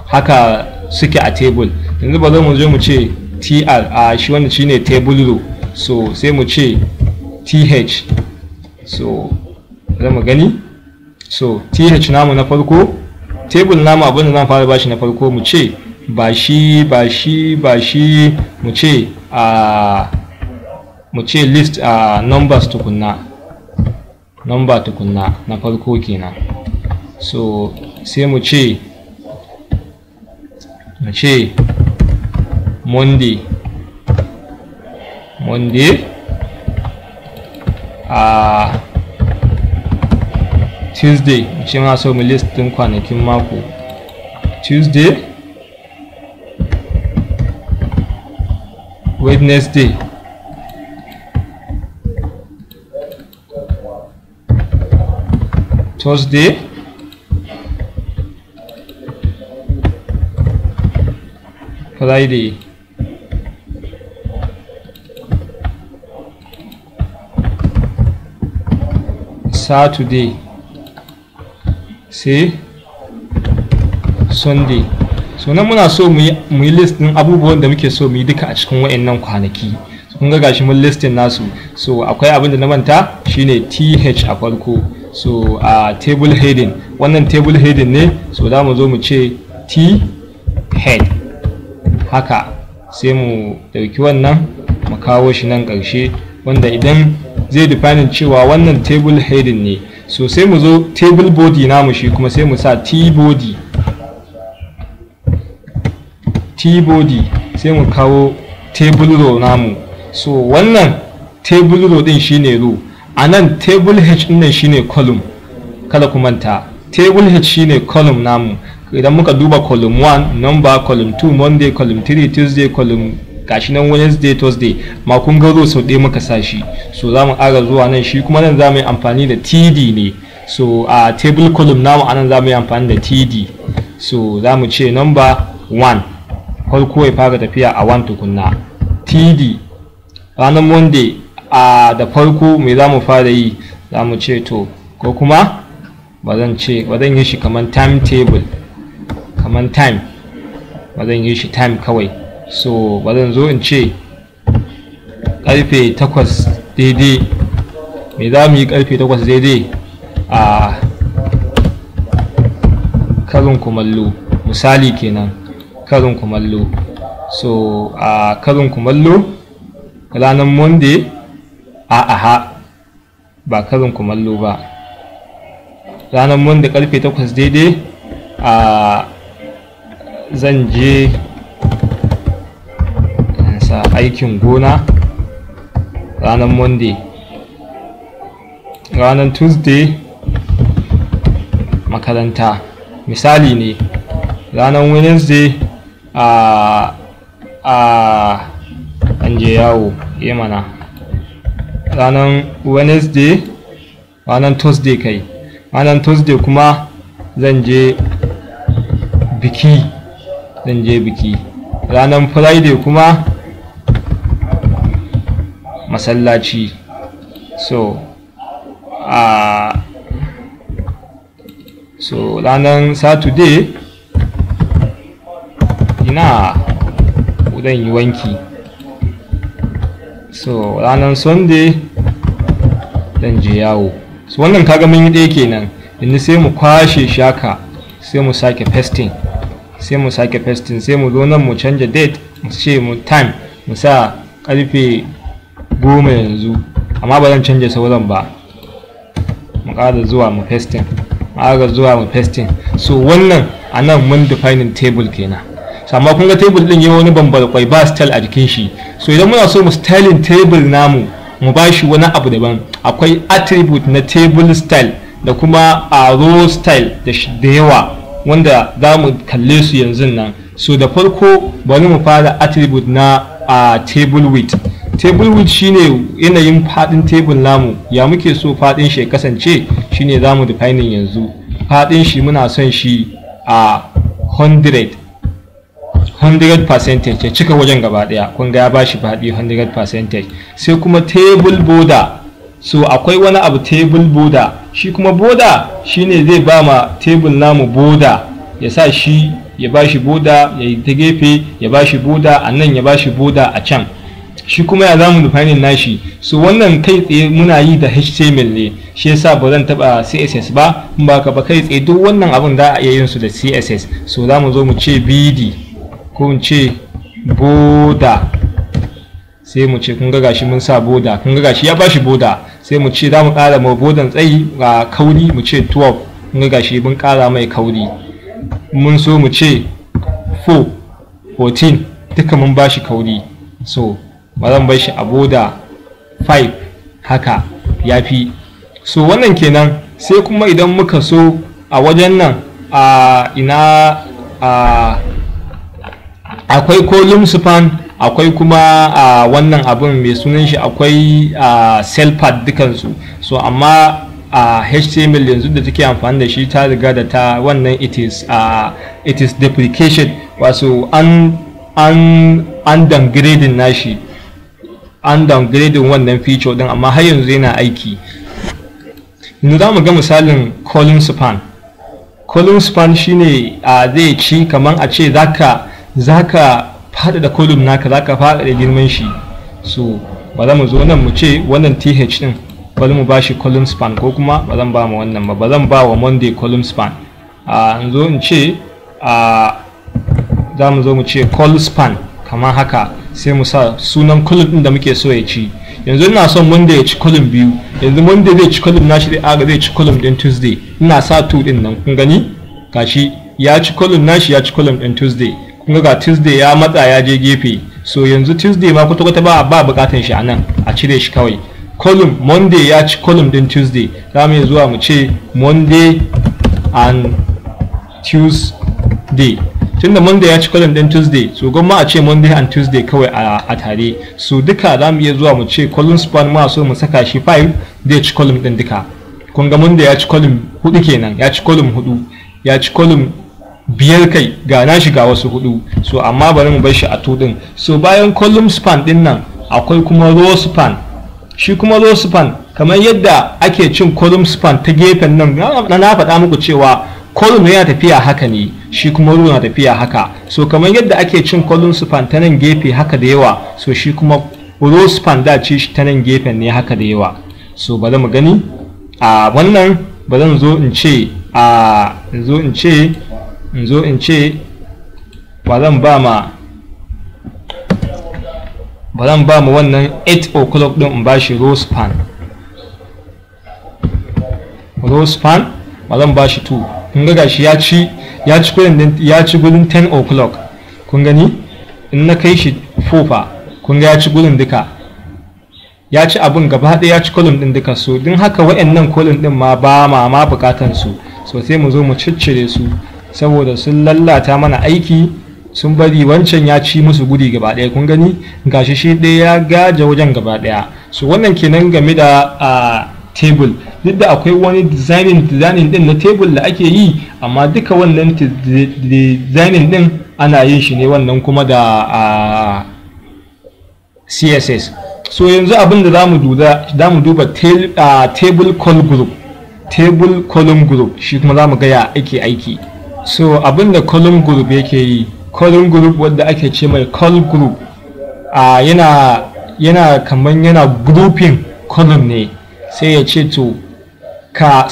haka suke a table yanzu ba zai mu je mu ce tr a shi wannan shine table row so sai mu ce th so zama mu gani so th namu na farko table namu abinda zan fara bashi na farko mu ce ba shi ba shi ba shi mu ce a mu ce list a numbers tukunna number tukunna na farko kenan so sai mu ce mu ce monday monday a tuesday mu ce ma so mu listin kwanakin mako tuesday wednesday thursday lady saturday sai sunday so nan muna so mu yi list din abubuwan da muke so mu yi duka a cikin wa'annan kwanaki kun ga gashi mun listin nasu so akwai abin da na manta shine th a farko so a table heading wannan table heading ne so za mu zo mu ce t head haka sai mu ɗauki wannan mu kawo shi nan ƙarshe wanda idan zai defining cewa wannan table heading ne so sai mu zo table body namu shi kuma sai mu sa t-body t-body sai mu kawo table row namu so wannan table row din shine row a nan table h din shine column kada ku manta table h shine column namu idan muka duba column 1 number column 2 monday column 3 tuesday column gashi nan wednesday thursday ma kun ga sau ɗaya muka sa shi so za mu ƙara zuwa nan shi kuma nan za mu yi amfani da td ne so a uh, table column namu anan za mu yi amfani da td so za mu ce number 1 farko ya fara tafiya a 1 tukunna td ranar monday a da farko mai za mu fara yi za mu ce to ko kuma ba zan ce ba zan yi shi kamar timetable kaman time ba zan yi shi time kawai so ba zan zo in ce karfe takwas daidai me za mu yi karfe takwas daidai a karin kumallo misali kenan karin kumallo so a karin kumallo ranar monday a aha ba karin kumallo ba ranar monday karfe takwas daidai a zan je sa aikin gona ranar monday ranar tuesday makaranta misali ne ranar wednesday a a an je yawo eh mana ranar wednesday ranar thursday kai ranar thursday kuma zan je biki ɗan je biki ranar friday kuma masallaci so a so ranar saturday ina udan yi wanki so ranar sunday dan je yawo so wannan kaga mun yi ɗaya kenan inda sai mu kwashe shaka sai mu sake festing sai mu sake festin sai mu zo nan mu canja date mu ce mu time mu sa karfe goma yanzu amma ba zan canja sauran ba mu kada zuwa mu festin mu kada zuwa mu festin so wannan a nan mun defining table kenan sama kun ga table din yi wani kwai ba style a jikin shi so idan muna so mu styling table namu mu ba shi wani abu daban akwai attribute na table style da kuma a row style da yawa wanda za mu kalle su yanzu nan so da farko bari mu fara attribute na a table width table width shine yanayin fadin table namu ya muke so fadin shi kasance shine za mu define yanzu fadin shi muna son shi a 100 100 percentage ya cika wajen gaba daya kun ga ya bashi fadi 100 percentage sai kuma table border so akwai wani abu table boda shi kuma boda shine zai ba ma table namu boda ya sa shi ya ba shi boda ya yi ta gefe ya ba shi boda a nan ya ba shi boda a can shi kuma ya zamu defining nashi so wannan kai tsaye muna yi da html ne shi yasa ba zan taba css ba in ba ka ba kai tsaye duk wannan abun da a iya yin su da css so zamu zo mu ce bd ko mu ce boda sai mu ce kun ga gashi mun sa boda kun ga gashi ya bashi boda sai mu ce za mu ƙara ma bodan tsayi a kauri mu ce 12 kun ga gashi mun ƙara mai kauri mun so mu ce 4 14 duka mun bashi kauri so ba zan bar shi a boda 5 haka ya fi so wannan kenan sai kuma idan muka so a wajen nan a ina a akwai kolin sufan. akwai kuma a wannan abin mai sunan shi akwai a cell pad dukansu so amma a html yanzu da take amfani da shi ta riga da ta wannan it is it wasu an an an downgrading nashi an downgrading wannan feature din amma har yanzu yana aiki yanzu za mu ga misalin calling span calling span shine a zai ci kamar a ce zaka zaka da kolum naka za ka da girman shi so ba za mu zo nan mu ce wannan th din bari mu ba shi column span ko kuma ba zan ba mu wannan ba ba zan ba wa monday column span a zo in ce a za mu zo mu ce call span kamar haka sai mu sa sunan column ɗin da muke so ya ci yanzu ina son monday ya ci column biyu yanzu monday zai ci column nashi zai aga zai ci column din tuesday ina sa 2 din nan kun gani gashi ya ci column nashi ya ci column din tuesday kuma ga tuesday ya matsa ya je gefe so yanzu tuesday ma kwata kwata ba ba bukatan shi a nan a cire shi kawai column monday ya ci column din tuesday za mu zuwa mu ce monday and tuesday tun da monday ya ci column din tuesday so gwamma a ce monday and tuesday kawai a tare so duka za mu iya zuwa mu ce column span ma so mu saka shi 5 zai ci column din duka kun ga monday ya ci column hudu kenan ya ci column hudu ya ci column biyar kai ga na shiga wasu hudu so amma bari mu bar shi a tudin so bayan column span din nan akwai kuma row span shi kuma row span kamar yadda ake cin column span ta gefen nan na faɗa muku cewa column yana tafiya haka ne shi kuma row na tafiya haka so kamar yadda ake cin column span ta nan gefe haka da yawa so shi kuma row span da ce shi ta nan gefen ne haka da yawa so bari mu gani a wannan ba zo in ce a zo in ce in zo in ce ba zan ba ma ba zan ba mu wannan 8 o'clock din in ba shi rose pan rose pan ba zan ba shi 2 kun ga shi ya ci ya ci kudin ya ci gudun 10 o'clock kun gani in na kai shi fofa fa kun ga ya ci gudun duka ya ci abin gaba ɗaya ya ci kolum ɗin duka su din haka wa'annan kolum ɗin ma ba ma ma bukatan su so sai mu zo mu ciccire su saboda sun lallata mana aiki sun bari wancan ya ci musu gudi gaba ɗaya kun gani gashi shi ɗaya ya gaja wajen gaba ɗaya so wannan kenan game da a table duk da akwai wani designing designing din na table da ake yi amma duka wannan designing din ana yin shi ne wannan kuma da css so yanzu abin da za mu duba table call group table column group shi kuma za mu gaya ya ake aiki so abinda column group yake yi column group wadda ake ce mai kol group a yana kamar yana grouping column ne sai ya ce to ka,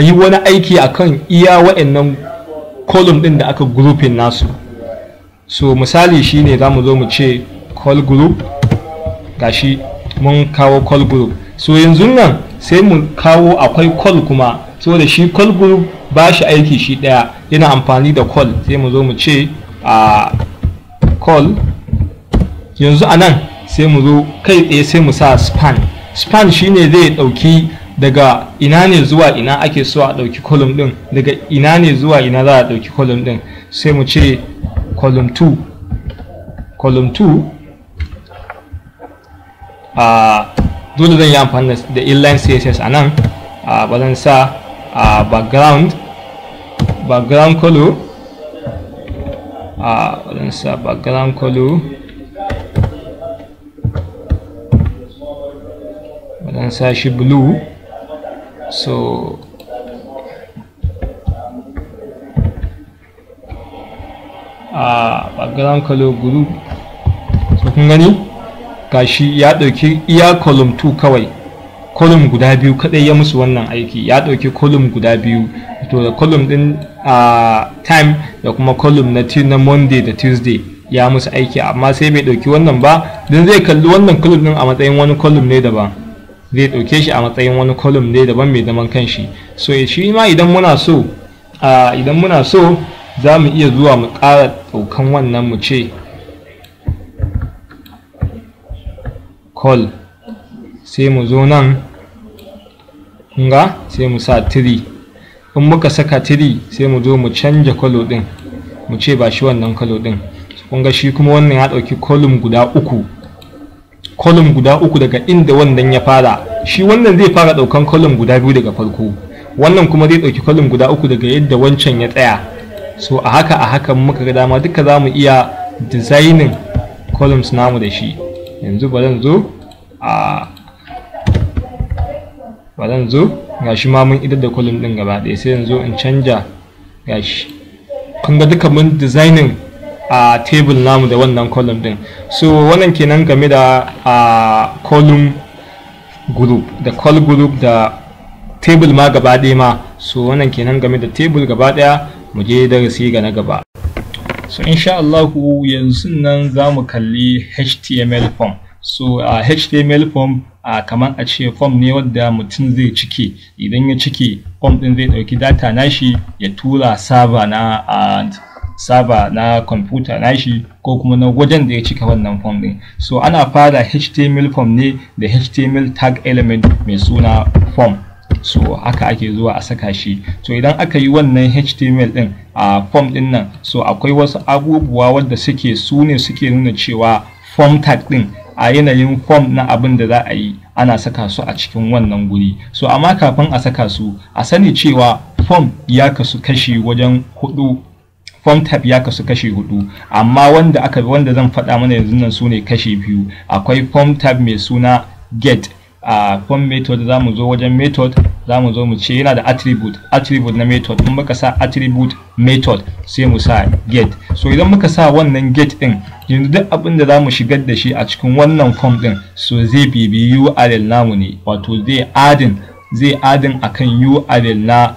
yi wani aiki akan iya waɗannan column ɗin da aka grouping nasu so misali shine za mu zo mu ce call Ga shi, mun kawo kol group so yanzu nan sai mu kawo akwai kol kuma da shi call group ba shi aiki shi daya yana amfani da call sai mu zo mu ce a call yanzu a nan sai mu zo kai tsaye sai mu sa span span shine zai dauki daga ina ne zuwa ina ake so a dauki column din daga ina ne zuwa ina za a dauki column din sai mu ce column 2 column 2 uh, dole zan yi amfani da inline css a nan uh, ba zan sa uh, background background color uh, let's say background color let's say she blue so uh, background color blue so kun gani gashi ya dauki iya column 2 kawai kolum guda biyu kadai ya musu wannan aiki ya ɗauki kolum guda biyu to da kolum din a time da kuma kolum na na monday da tuesday ya musu aiki amma sai bai ɗauki wannan ba dan zai kalli wannan kolum din a matsayin wani kolum ne daban zai ɗauke shi a matsayin wani kolum ne daban mai zaman kanshi so shi ma idan muna so idan muna so za mu iya zuwa mu kara ɗaukan wannan mu ce call sai mu zo nan nga sai mu sa tiri in muka saka tiri sai mu zo mu canja kwalo din mu ce ba shi wannan kwalo din kun ga shi kuma wannan ya ɗauki kolum guda uku kolum guda uku daga inda wannan ya fara shi wannan zai fara ɗaukan kolum guda biyu daga farko wannan kuma zai ɗauki kolum guda uku daga yadda wancan ya tsaya so a haka a haka muka ga dama duka za mu iya designing columns namu da shi yanzu ba zan zo a ba zan zo gashi ma mun idar da column din gaba ɗaya sai yanzu in canja gashi kun ga duka mun designing a table namu da wannan column din so wannan kenan game da a column group da call group da table ma gaba ɗaya ma so wannan kenan game da table gaba ɗaya mu je darasi ga na gaba so insha Allah yanzu nan za mu kalli html form so a uh, html form a kamar a ce fom ne wadda mutum zai cike idan ya cike fom din zai dauki data nashi ya tura server na saba na kwamfuta nashi ko kuma na wajen da ya cika wannan fom din so ana fara html fom ne da html tag element mai suna fom. so haka ake zuwa a saka shi to idan aka yi wannan html din a fom din nan so akwai wasu abubuwa wadda suke su ne suke nuna cewa form tag din a yanayin form na abin da za a yi ana saka su a cikin wannan guri so amma kafin a saka su a sani cewa form ya kasu kashi wajen hudu form type ya kasu kashi hudu amma wanda aka wanda zan faɗa mana yanzu nan su ne kashi biyu akwai form type mai suna get a form method za mu zo wajen method za mu zo mu ce yana da attribute attribute na method in muka sa attribute method sai mu sa get so idan muka sa wannan get din yanzu duk abin da za mu shigar da shi a cikin wannan form din so zai bibi url namu ne wato zai adin zai adin akan url na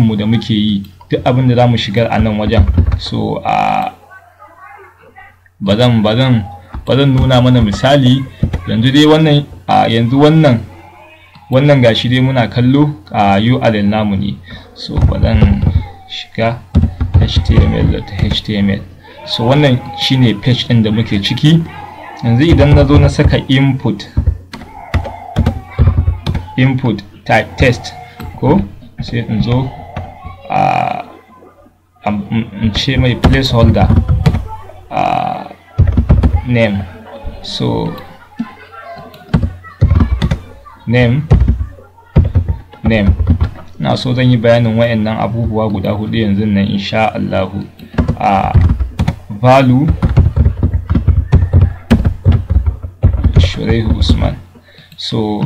mu da muke yi duk abin da za mu shigar a nan wajen so a bazan bazan ba zan nuna mana misali yanzu dai wannan a yanzu wannan wannan gashi dai muna kallo a url namu ne so ba zan shiga html da html so wannan shine page ɗin da muke ciki yanzu idan na na saka input input type test ko sai in zo a ce mai placeholder a name so name name na so zan yi bayanin wayannan abubuwa guda hudu yanzu nan insha Allahu a value Shurehu Usman so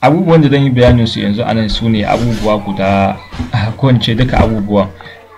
abubuwan da zan yi bayanin su yanzu anan su ne abubuwa guda kwance duka abubuwan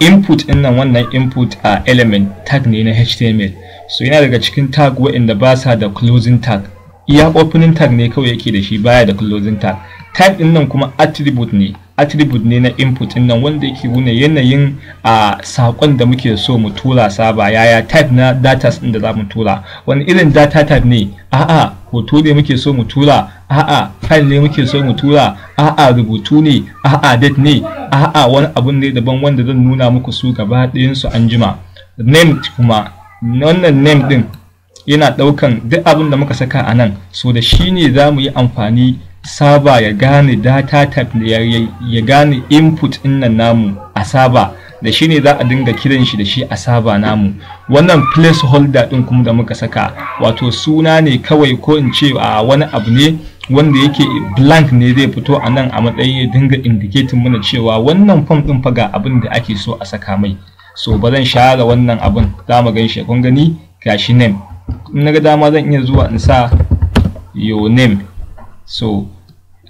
input ɗin nan wannan input a element tag ne na html Su yana daga cikin tag waɗanda ba sa da closing tag iya opening tag ne kawai yake da shi baya da closing tag tag din nan kuma attribute ne attribute ne na input din nan wanda yake nuna yanayin a sakon da muke so mu tura saba yaya type na data din da zamu tura wani irin data type ne a'a hoto ne muke so mu tura a'a file ne muke so mu tura a'a rubutu ne a'a date ne a'a wani abun ne daban wanda zan nuna muku su gaba ɗayan su anjima name kuma wannan name din yana ɗaukan duk abin da muka saka a nan so da shi ne za mu yi amfani saba ya gane data type ya gane input nan namu a saba da shi ne za a dinga kiran shi da shi a saba namu wannan placeholder din kuma da muka saka wato suna ne kawai ko in ce a wani abu ne wanda yake blank ne zai fito a nan a matsayin ya dinga indicating mana cewa wannan form din fa ga abin da ake so a saka mai so ba zan share wannan abun za mu gan shi kun gani gashi name in na ga dama zan iya zuwa in sa your name so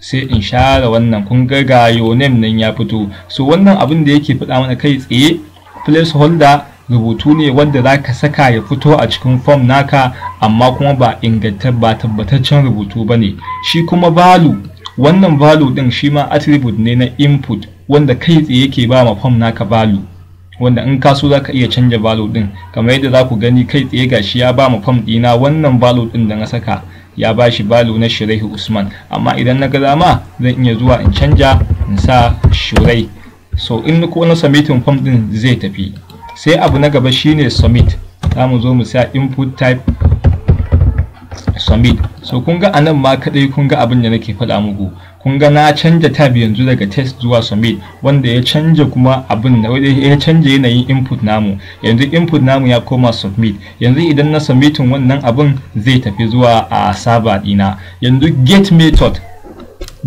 sai in share wannan kun ga ga your name nan ya fito so wannan abin da yake faɗa mana kai tsaye placeholder rubutu ne wanda za ka saka ya fito a cikin form naka amma kuma ba ingantar ba tabbataccen rubutu ba ne shi kuma value wannan value ɗin shi ma attribute ne na input wanda kai tsaye yake ba ma form naka value wanda in kaso za ka iya canja balo din kamar yadda za ku gani kai tsaye gashi ya ba mu fam dina wannan balo din da na saka ya ba shi balo na shirai usman amma idan na ga dama zan iya zuwa in canja in sa shirai so in ko na submitin fam din zai tafi sai abu na gaba shine submit za mu zo mu sa input type submit so kun ga anan ma kadai kun ga abin da nake faɗa muku kun ga na canja tab yanzu daga test zuwa submit wanda ya canja kuma abin da ya canja yanayin input namu yanzu input namu ya koma submit yanzu idan na submitin wannan abin zai tafi zuwa a server dina yanzu get method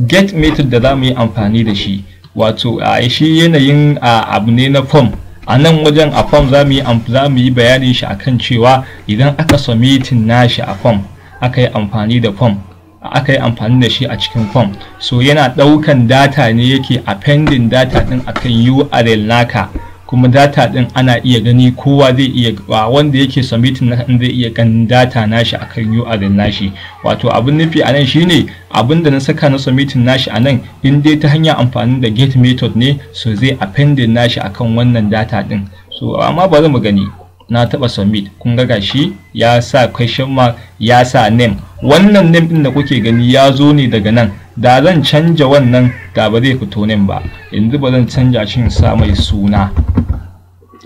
get method da za mu yi amfani da shi wato a shi yanayin abu ne na form a nan wajen a form za mu yi bayanin shi akan cewa idan aka submitin nashi a form aka yi amfani da form aka amfani da shi a cikin form so yana ɗaukan data ne yake appending data ɗin akan url naka kuma data ɗin ana iya gani kowa zai iya ba wanda yake submitting na zai iya ganin data nashi akan url nashi wato abin nufi a nan shine abinda na saka na submitting nashi a nan in dai ta hanyar amfani da get method ne so zai appending nashi akan wannan data ɗin so amma za mu gani na taba submit kun ga gashi ya sa question mark ya sa name wannan name din da kuke gani ya zo ne daga nan da zan canja wannan da ba zai fito name ba yanzu ba zan canja shi sa mai suna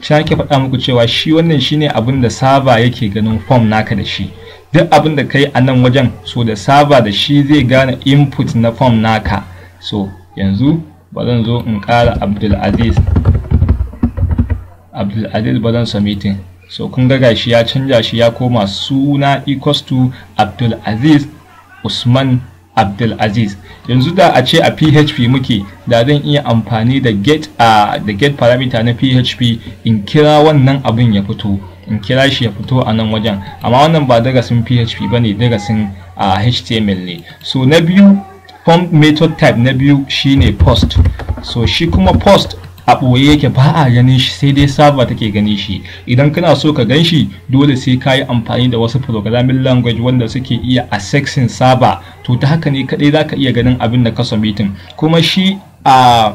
shake faɗa muku cewa shi wannan shine abin da saba yake ganin form naka da shi duk abin da kai a nan wajen so da saba da shi zai gane input na form naka so yanzu ba zan zo in ƙara abdulaziz abdulaziz ba zan submitting so kun ga gashi ya canja shi ya koma suna equals to abdul aziz usman Abdulaziz. Yanzu da a ce a PHP muke da zan iya amfani da get a da get parameter na PHP in kira wannan abin ya fito in kira shi ya fito a nan wajen amma wannan ba darasin PHP ba ne darasin a HTML ne. So na biyu form method type na biyu shine post. So shi kuma post a ɓoye yake ba a ganin shi sai dai saba take gani shi idan kana so ka gan shi dole sai ka yi amfani da wasu programming language wanda suke iya a accessing saba, to ta haka ne kaɗai za ka iya ganin abin da ka mitin? kuma shi a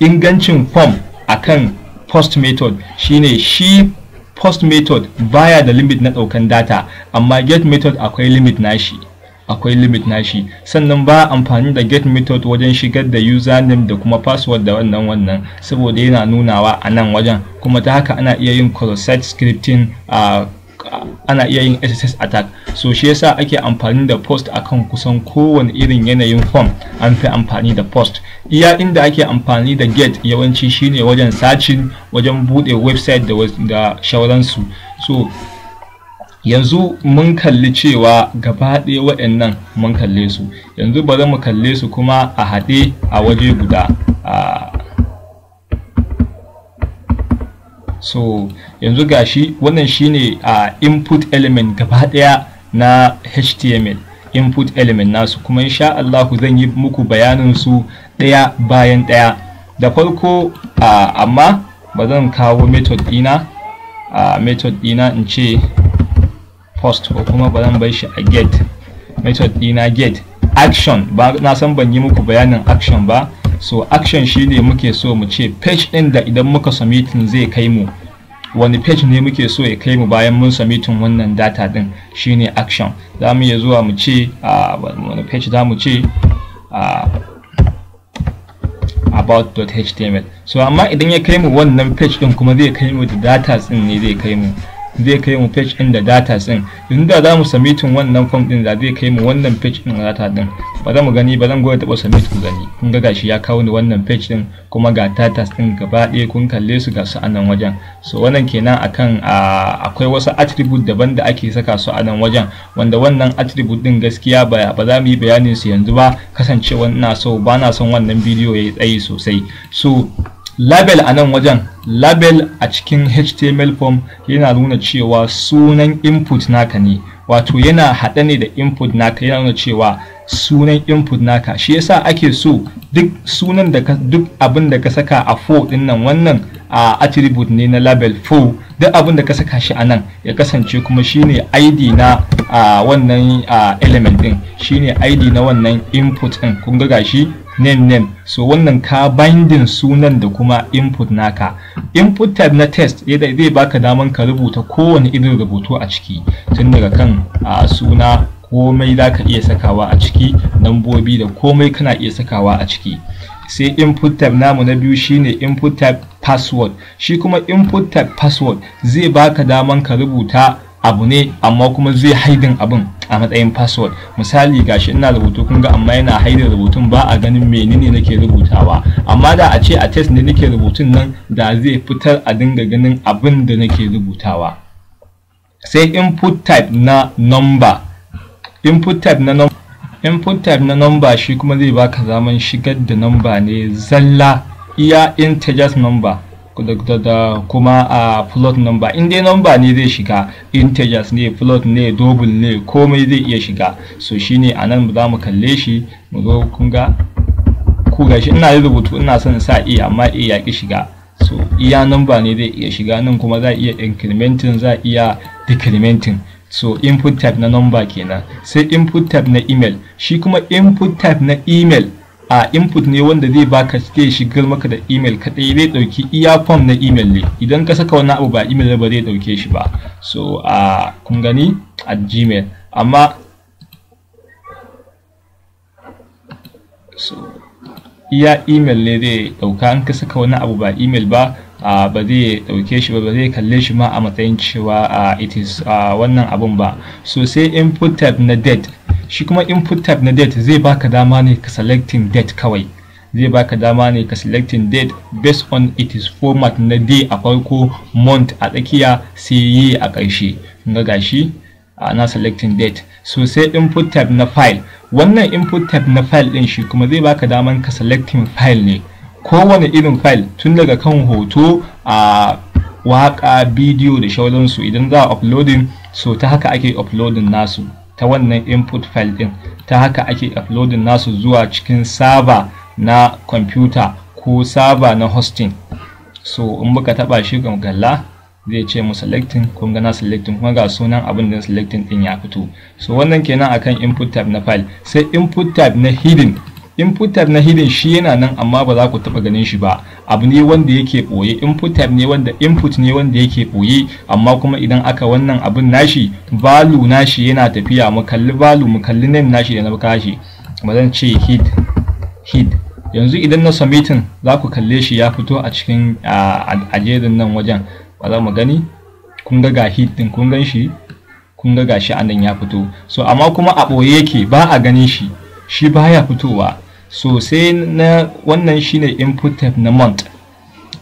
ingancin form kan post method shine shi post method baya da limit na ɗaukan data amma get method akwai limit na shi akwai limit nashi sannan ba amfani da get method wajen shigar da username da kuma password da wannan wannan saboda yana nunawa a nan wajen kuma ta haka ana iya yin cross-site scripting a ana iya yin sss attack so shi yasa ake amfani da post akan kusan kowane irin yanayin form an fi amfani da post iya inda ake amfani da get yawanci shine wajen searching wajen bude website da, sauransu so yanzu mun kalli cewa gaba ɗaya waɗannan mun kalle su yanzu ba za mu kalle su kuma a haɗe a waje guda so yanzu gashi wannan shine a input element gaba ɗaya na html input element nasu kuma insha Allahu zan yi muku bayanin su ɗaya bayan ɗaya da farko amma ba zan kawo method ɗina method ɗina in ce post ko kuma ba zan bar shi a get method ɗina get action ba na san ban yi muku bayanin action ba so action shine muke so mu ce page ɗin da idan muka submitin zai kai mu wani page ne muke so ya kai mu bayan mun submitin wannan data din shine action za mu iya zuwa mu ce a wani page za mu ce about.html so amma idan ya kai mu wannan page ɗin kuma zai kai mu da data din ne zai kai mu zai kai mu page ɗin da data ɗin yanzu da za mu submitin wannan form ɗin da zai kai mu wannan page ɗin data ɗin ba za mu gani ba zan goya taɓa submit ku gani kun ga gashi ya kawo ni wannan page ɗin kuma ga data ɗin gaba ɗaya kun kalle su ga su a nan wajen so wannan kenan akan akwai wasu attribute daban da ake saka su a nan wajen wanda wannan attribute ɗin gaskiya ba za mu yi bayanin su yanzu ba kasancewa ina so ba na son wannan bidiyo ya yi tsayi sosai so label a nan wajen label a cikin html form yana nuna cewa sunan input naka ne wato yana haɗa ne da input naka yana nuna cewa sunan input naka shi yasa ake so duk sunan da duk abin da ka saka a fo din nan wannan a attribute ne na label fo duk abin da ka saka shi a nan ya kasance kuma shine id na a wannan element din shine id na wannan input din kun ga gashi nem-nem so wannan ka binding sunan da kuma input naka input type na test zai baka daman ka rubuta kowane irin rubutu a ciki tun daga kan a suna komai za ka iya sakawa a ciki lambobi da komai kana iya sakawa a ciki sai input type namu na biyu shine input type password shi kuma input type password zai baka daman ka rubuta abu ne amma kuma zai haidin abin a matsayin password misali gashi ina rubutu kun ga amma yana haidin rubutun ba a ganin menene nake rubutawa amma da a ce a test ne nake rubutun nan da zai fitar a dinga ganin abin da nake rubutawa sai input type na number input type na number input type na number shi kuma zai baka zaman shigar da number ne zalla iya integers number da kuma a float number in dai number ne zai shiga integers ne float ne double ne komai zai iya shiga so shine anan za mu kalle shi mu zo kun ga ku gashi ina rubutu ina son sa e amma e ya ki shiga so iya number ne zai iya shiga nan kuma za iya incrementing za iya decrementing so input type na number kenan sai input type na email shi kuma input type na email a input ne wanda zai baka zai shigar maka da email kaɗai zai dauki iya form na email ne idan ka saka wani abu ba email ba zai dauke shi ba so a kun gani a gmail amma so iya email ne zai dauka an ka saka wani abu ba email ba Uh, ba zai dauke shi ba ba zai kalle shi ma a matsayin cewa uh, it is uh, wannan abun ba so sai input type na date shi kuma input type na date zai baka dama ne ka selecting date kawai zai baka dama ne ka selecting date based on it is format na day a farko month a tsakiya sai yi a ƙarshe ga gashi ana selecting date so sai input type na file wannan input type na file din shi kuma zai baka daman ka selecting file ne kowane irin file tun daga kan hoto a waka bidiyo da shauransu idan za a uploading so ta haka ake uploading nasu ta wannan input file din ta haka ake uploading nasu zuwa cikin server na computer ko server na hosting so in muka taba shi galla zai ce mu selecting kun ga na selecting kuma ga sunan abin da selecting din ya fito so wannan kenan akan input type na file sai input type na hidden type na hidden shi yana nan amma ba za ku taɓa ganin shi ba abu ne wanda yake ɓoye type ne wanda input ne wanda yake ɓoye amma kuma idan aka wannan abin nashi value nashi yana tafiya mu kalli value mu kalli name nashi da na kashi ba zan ce hid hid yanzu idan na submitin za ku kalle shi ya fito a cikin ajerin nan wajen ba za mu gani kun ga ga hid din kun gan kun ga gashi anan ya fito so amma kuma a ɓoye yake ba a ganin shi shi baya fitowa Sosai na wannan shine input type na month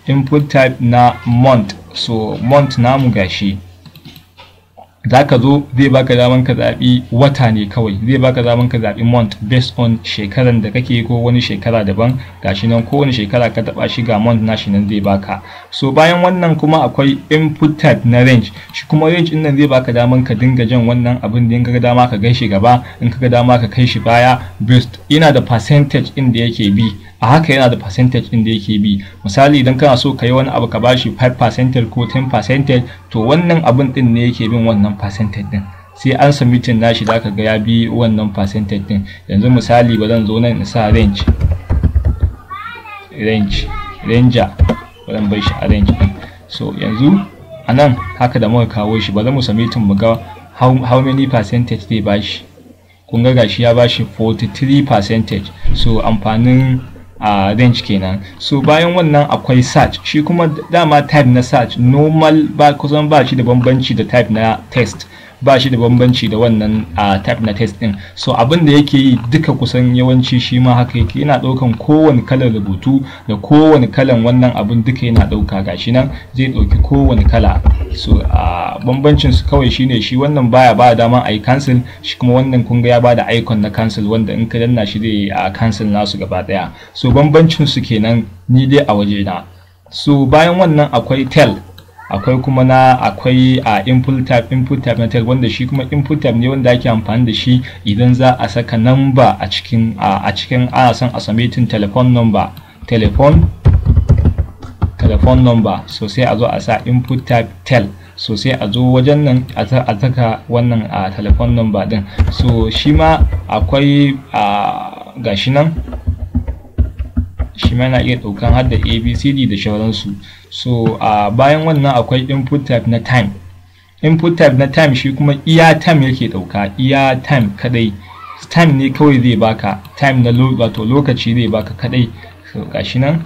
input type na month so month namu gashi za ka zo zai baka daman ka zaɓi wata ne kawai zai baka daman ka zaɓi month based on shekaran da kake ko wani shekara daban gashi nan ko wani shekara ka taɓa shi ga month nashi nan zai baka so bayan wannan kuma akwai input type na range shi kuma range din nan zai baka daman ka dinga jan wannan abin da in dama ka gan shi gaba in ka dama ka kai shi baya based ina da percentage in da yake bi a haka yana da percentage ɗin da yake bi misali idan kana so ka yi wani abu ka bashi 5% ko 10% to wannan abin ɗin ne yake bin wannan percentage ɗin sai an submitin nashi da ka ga ya bi wannan percentage ɗin yanzu misali ba zan zo nan in sa range range ranger ba zan bar shi a range din so yanzu a nan haka da muka kawo shi ba zan mu submitin mu ga how, how many percentage zai bashi kun ga gashi ya bashi 43 percentage so amfanin a range kenan so bayan wannan akwai search shi kuma dama type na search normal ba kusan ba shi da bambanci da type na test ba shi da bambanci da wannan a type na test din so abin da yake yi duka kusan yawanci shi ma haka yake yana ɗaukan kowane kalan rubutu da kowane kalan wannan abin duka yana ɗauka gashi nan zai ɗauki kowane kala so a bambancin su kawai shine shi wannan baya ba dama a yi cancel shi kuma wannan kun ga ya ba da icon na cancel wanda in ka danna shi zai a cancel nasu gaba daya so bambancin su kenan ni dai a waje na so bayan wannan akwai tel akwai kuma na akwai a input type input type method wanda shi kuma input type ne wanda ake amfani da shi idan za a saka number a cikin a cikin ana son a tin telephone number telephone telephone number so sai a zo a sa input type tel so sai a zo wajen nan a saka wannan a telephone number din so shi ma akwai a gashi nan shi ma yana iya ɗaukan har da abcd da shauransu so a bayan wannan akwai input type na time input type na time shi kuma iya time yake ɗauka iya time kadai time ne kawai zai baka time na wato lokaci zai baka kadai so gashi nan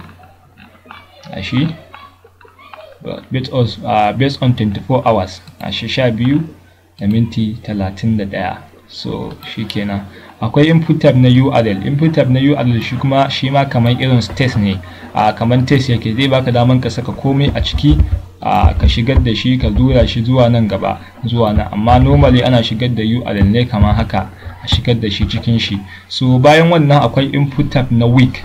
gashi based on, uh, based on 24 hours gashi sha biyu da minti 31 so shikenan akwai input type na url input type na url shi kuma shi ma kamar irin test ne a kamar test yake zai baka daman ka saka komai a ciki a ka shigar da shi ka dura shi zuwa nan gaba zuwa nan amma normally ana shigar da url ne kamar haka a shigar da shi cikin shi so bayan wannan akwai input type na week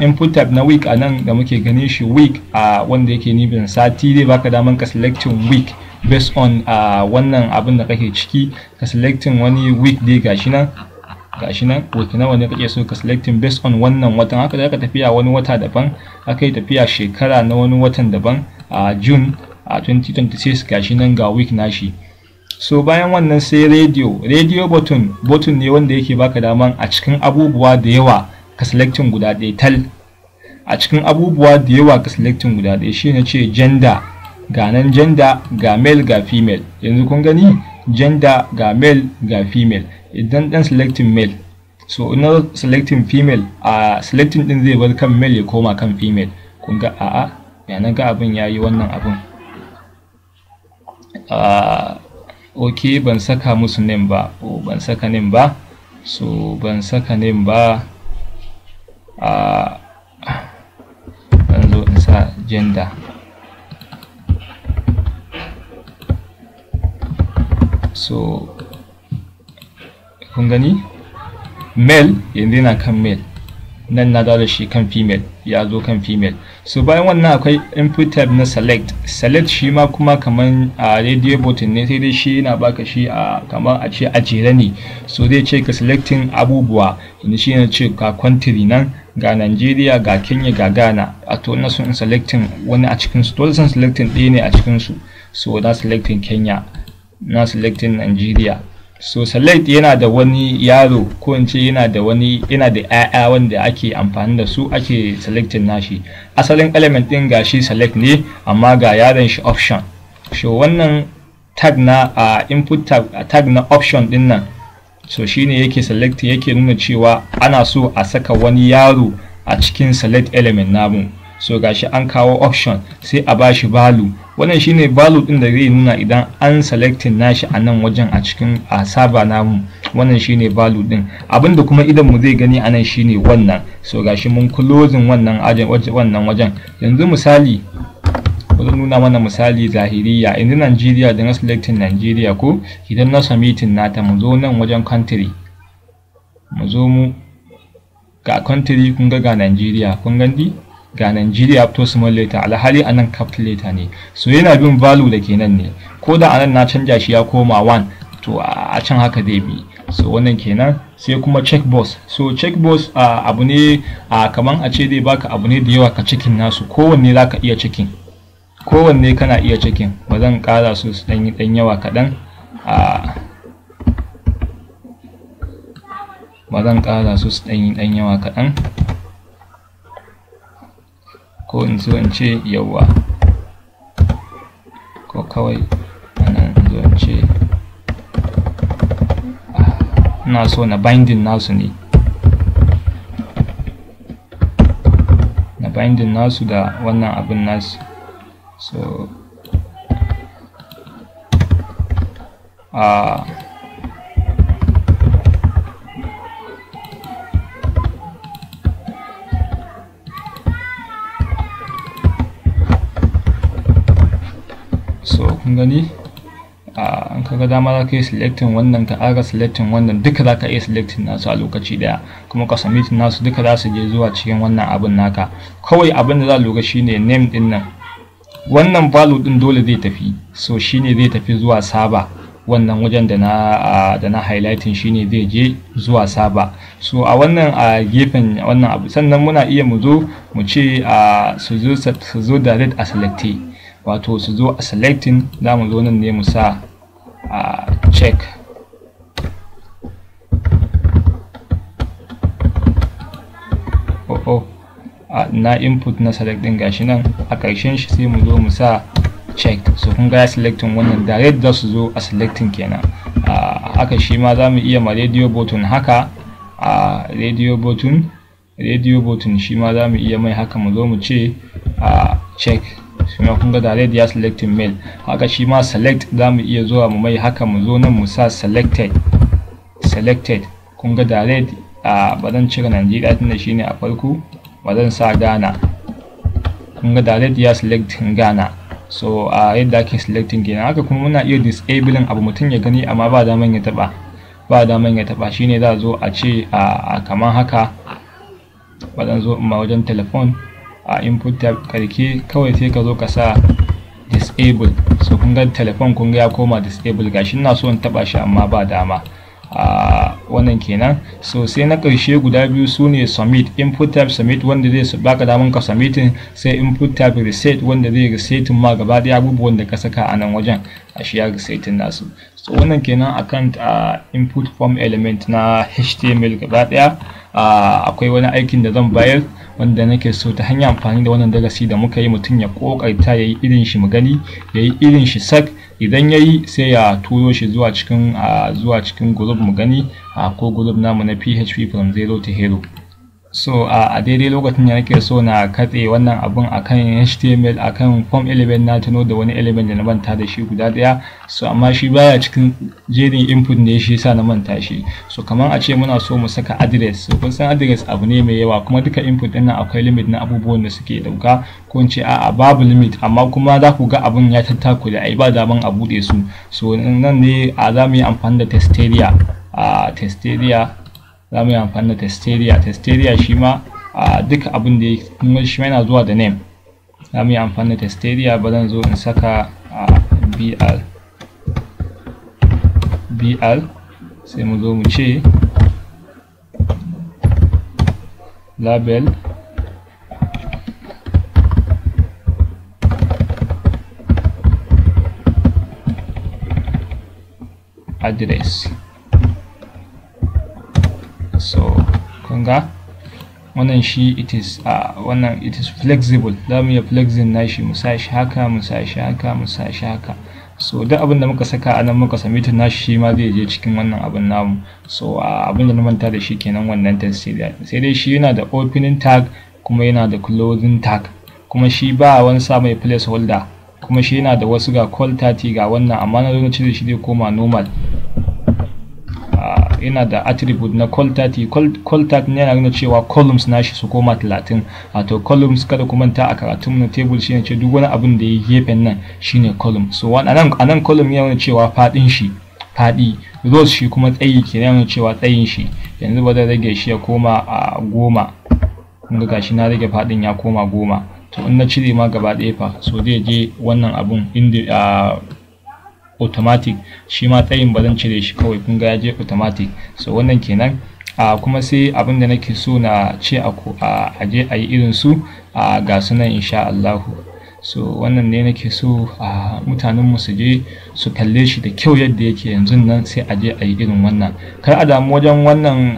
input type na week a nan da muke ganin shi week a wanda yake nufin sati zai baka daman ka selecting week based on uh, wannan abin da kake ciki ka selecting wani week dai gashi nan gashi nan nawa ne kake so ka selecting based on wannan watan haka zaka tafiya wani wata daban haka yi tafiya shekara na wani watan daban a June a 2026 gashi nan ga week nashi so bayan wannan sai radio radio button button ne wanda yake baka daman a cikin abubuwa da yawa ka selecting guda ɗaya tal a cikin abubuwa da yawa ka selecting guda ɗaya shi ne ce gender ga nan gender ga male ga female yanzu kun gani gender ga male ga female idan dan selecting male so na selecting female a selecting din zai bar kan male ya koma kan female kun ga a'a yana ga abin ya yi wannan abin uh, ok ban saka musu name ba o ban saka name ba so ban saka name ba uh, ban zo in sa gender so kun gani male yanzu yana kan male nan na dawo da shi kan female ya zo kan female so bayan wannan akwai input type na select select shi ma kuma kaman a radio button ne sai dai shi yana baka shi a kamar a ce a jere ne so zai ce ka selecting abubuwa inda shi yana ce ka country nan ga Nigeria ga Kenya ga Ghana a to na sun selecting wani a cikin su to sun selecting ɗaya ne a cikin su so na selecting Kenya na selecting Nigeria so select yana da wani yaro ko in ce yana da wani yana da ƴaƴa wanda ake amfani da su ake selecting nashi asalin element ɗin ga shi select ne amma ga yaron shi option so wannan tag na a uh, input tag, tag na option din nan so shine yake select yake nuna cewa ana so a saka wani yaro a cikin select element namu so gashi an kawo option sai a bashi value wannan shine value din da zai nuna idan an selecting nashi a nan wajen a cikin a namu wannan shine value din abinda kuma idan mu zai gani a nan shine wannan so gashi mun closing wannan wannan wajen yanzu misali wajen nuna mana misali zahiriya yanzu Najeriya da na selecting Najeriya ko idan na submitting nata mu zo nan wajen country mu zo mu ga country kun ga ga Najeriya kun gandi ga Nigeria to small letter alhali anan capital letter ne so yana bin value da ke nan ne ko da anan na canja shi ya koma 1 to a can haka zai bi so wannan kenan sai kuma box so check box abu ne kaman a ce zai baka abu ne da yawa ka cikin nasu kowanne za ka iya cikin kowanne kana iya cikin ba zan kara su su dan yawa kaɗan ba zan kara su su dan yawa kaɗan ko in zo in ce yawwa ko kawai anan in zo in ce ah, ina so na binding nasu ne na binding nasu da wannan abin nasu so uh, gani a ka ga dama za ka yi selecting wannan ka ƙara selecting wannan duka za ka iya selecting nasu a lokaci daya kuma ka submit nasu duka za su je zuwa cikin wannan abin naka kawai abin da za lura shine name din nan wannan value din dole zai tafi so shine zai tafi zuwa saba wannan wajen da na da na highlighting shine zai je zuwa saba so a wannan a gefen wannan abu sannan muna iya mu zo mu ce su zo direct a selecting wato su zo a selecting za mu zo nan ne mu sa a check oh, oh. na input na select din gashi nan a karshen shi sai mu zo mu sa check so kun ga selecting wannan direct za su zo a selecting kenan haka shi ma za mu iya ma radio button haka a radio button radio button shi ma za mu iya mai haka mu zo mu ce a check sannan kun ga dare ya selecting mail haka shi ma select za mu iya zuwa mu mai haka mu zo nan mu sa selected selected kun ga dare a ba zan cire Najeriya tunda shine a farko ba zan sa Ghana kun ga dare ya selecting Ghana so a yadda ake selecting kenan haka kuma muna iya disabling abu mutum ya gani amma ba daman ya taba ba daman ya taba shine za zo a ce a kaman haka ba zan zo ma wajen telephone a input type karke kawai sai ka zo ka sa disable so kun ga telefon kun ga ya koma disable gashi ina so in taba shi amma ba dama a wannan kenan so sai na karshe guda biyu su ne submit input type submit wanda zai baka daman ka submitin sai input type reset wanda zai resetin ma gaba daya abubuwan da ka saka a nan wajen a shi ya resetin nasu so wannan kenan akan input form element na html gaba daya akwai wani aikin da zan bayar wanda nake so ta hanyar amfani da wannan darasi da muka yi mutum ya kokarta ya yi irin shi mu gani ya yi irin shi sak idan ya yi sai ya turo shi zuwa cikin zuwa cikin mu gani ko group namu na php from zero to hero so a daidai lokacin da nake so na katse wannan abun akan html akan form element na tuno da wani element da na manta da shi guda daya so amma shi baya cikin jerin input ne shi yasa na manta shi so kamar a ce muna so mu saka address so kun san address abu ne mai yawa kuma duka input din nan akwai limit na abubuwan da suke dauka ko ce a'a babu limit amma kuma za ku ga abun ya da ai ba daman a bude su so nan ne a za yi amfani da testeria a testeria za mu yi amfani da testeria testeria shi ma a duk abin da ya shi yana zuwa da name za mu yi amfani da testeria ba zan zo in saka a bl bl sai mu zo mu ce label address so kunga wannan shi it is a wannan it is flexible za mu iya flexing nashi mu sa shi haka mu sa haka mu haka so duk abin da muka saka a nan muka sami ta nashi shi ma zai je cikin wannan abin namu so abin da na manta da shi kenan wannan tafsiri sai dai shi yana da opening tag kuma yana da closing tag kuma shi ba wani sa mai placeholder kuma shi yana da wasu ga call 30 ga wannan amma na zo na cire shi zai koma normal yana da attribute na 30 coltat yana nuna cewa columns shi su koma 30 wato columns kada ku manta a karatun na table shi ce duk wani abin da ya gefen nan shine column so anan anan column yana nuna cewa fadin shi fadi rows shi kuma tsayi ke yana nuna cewa tsayin shi yanzu ba zai rage shi ya koma a goma kun ga gashi na rage fadin ya koma goma to in na cire ma gaba ɗaya fa so zai je wannan abun inda ah, automatic shi ma tsayin ba zan cire shi kawai kun ga ya je automatic so wannan kenan a kuma sai abin da nake so na ce a je a yi irin su a ga sunan insha Allahu so wannan ne nake so a mu su je su kalle shi da kyau yadda yake yanzu nan sai a je a yi irin wannan kar a damu wajen wannan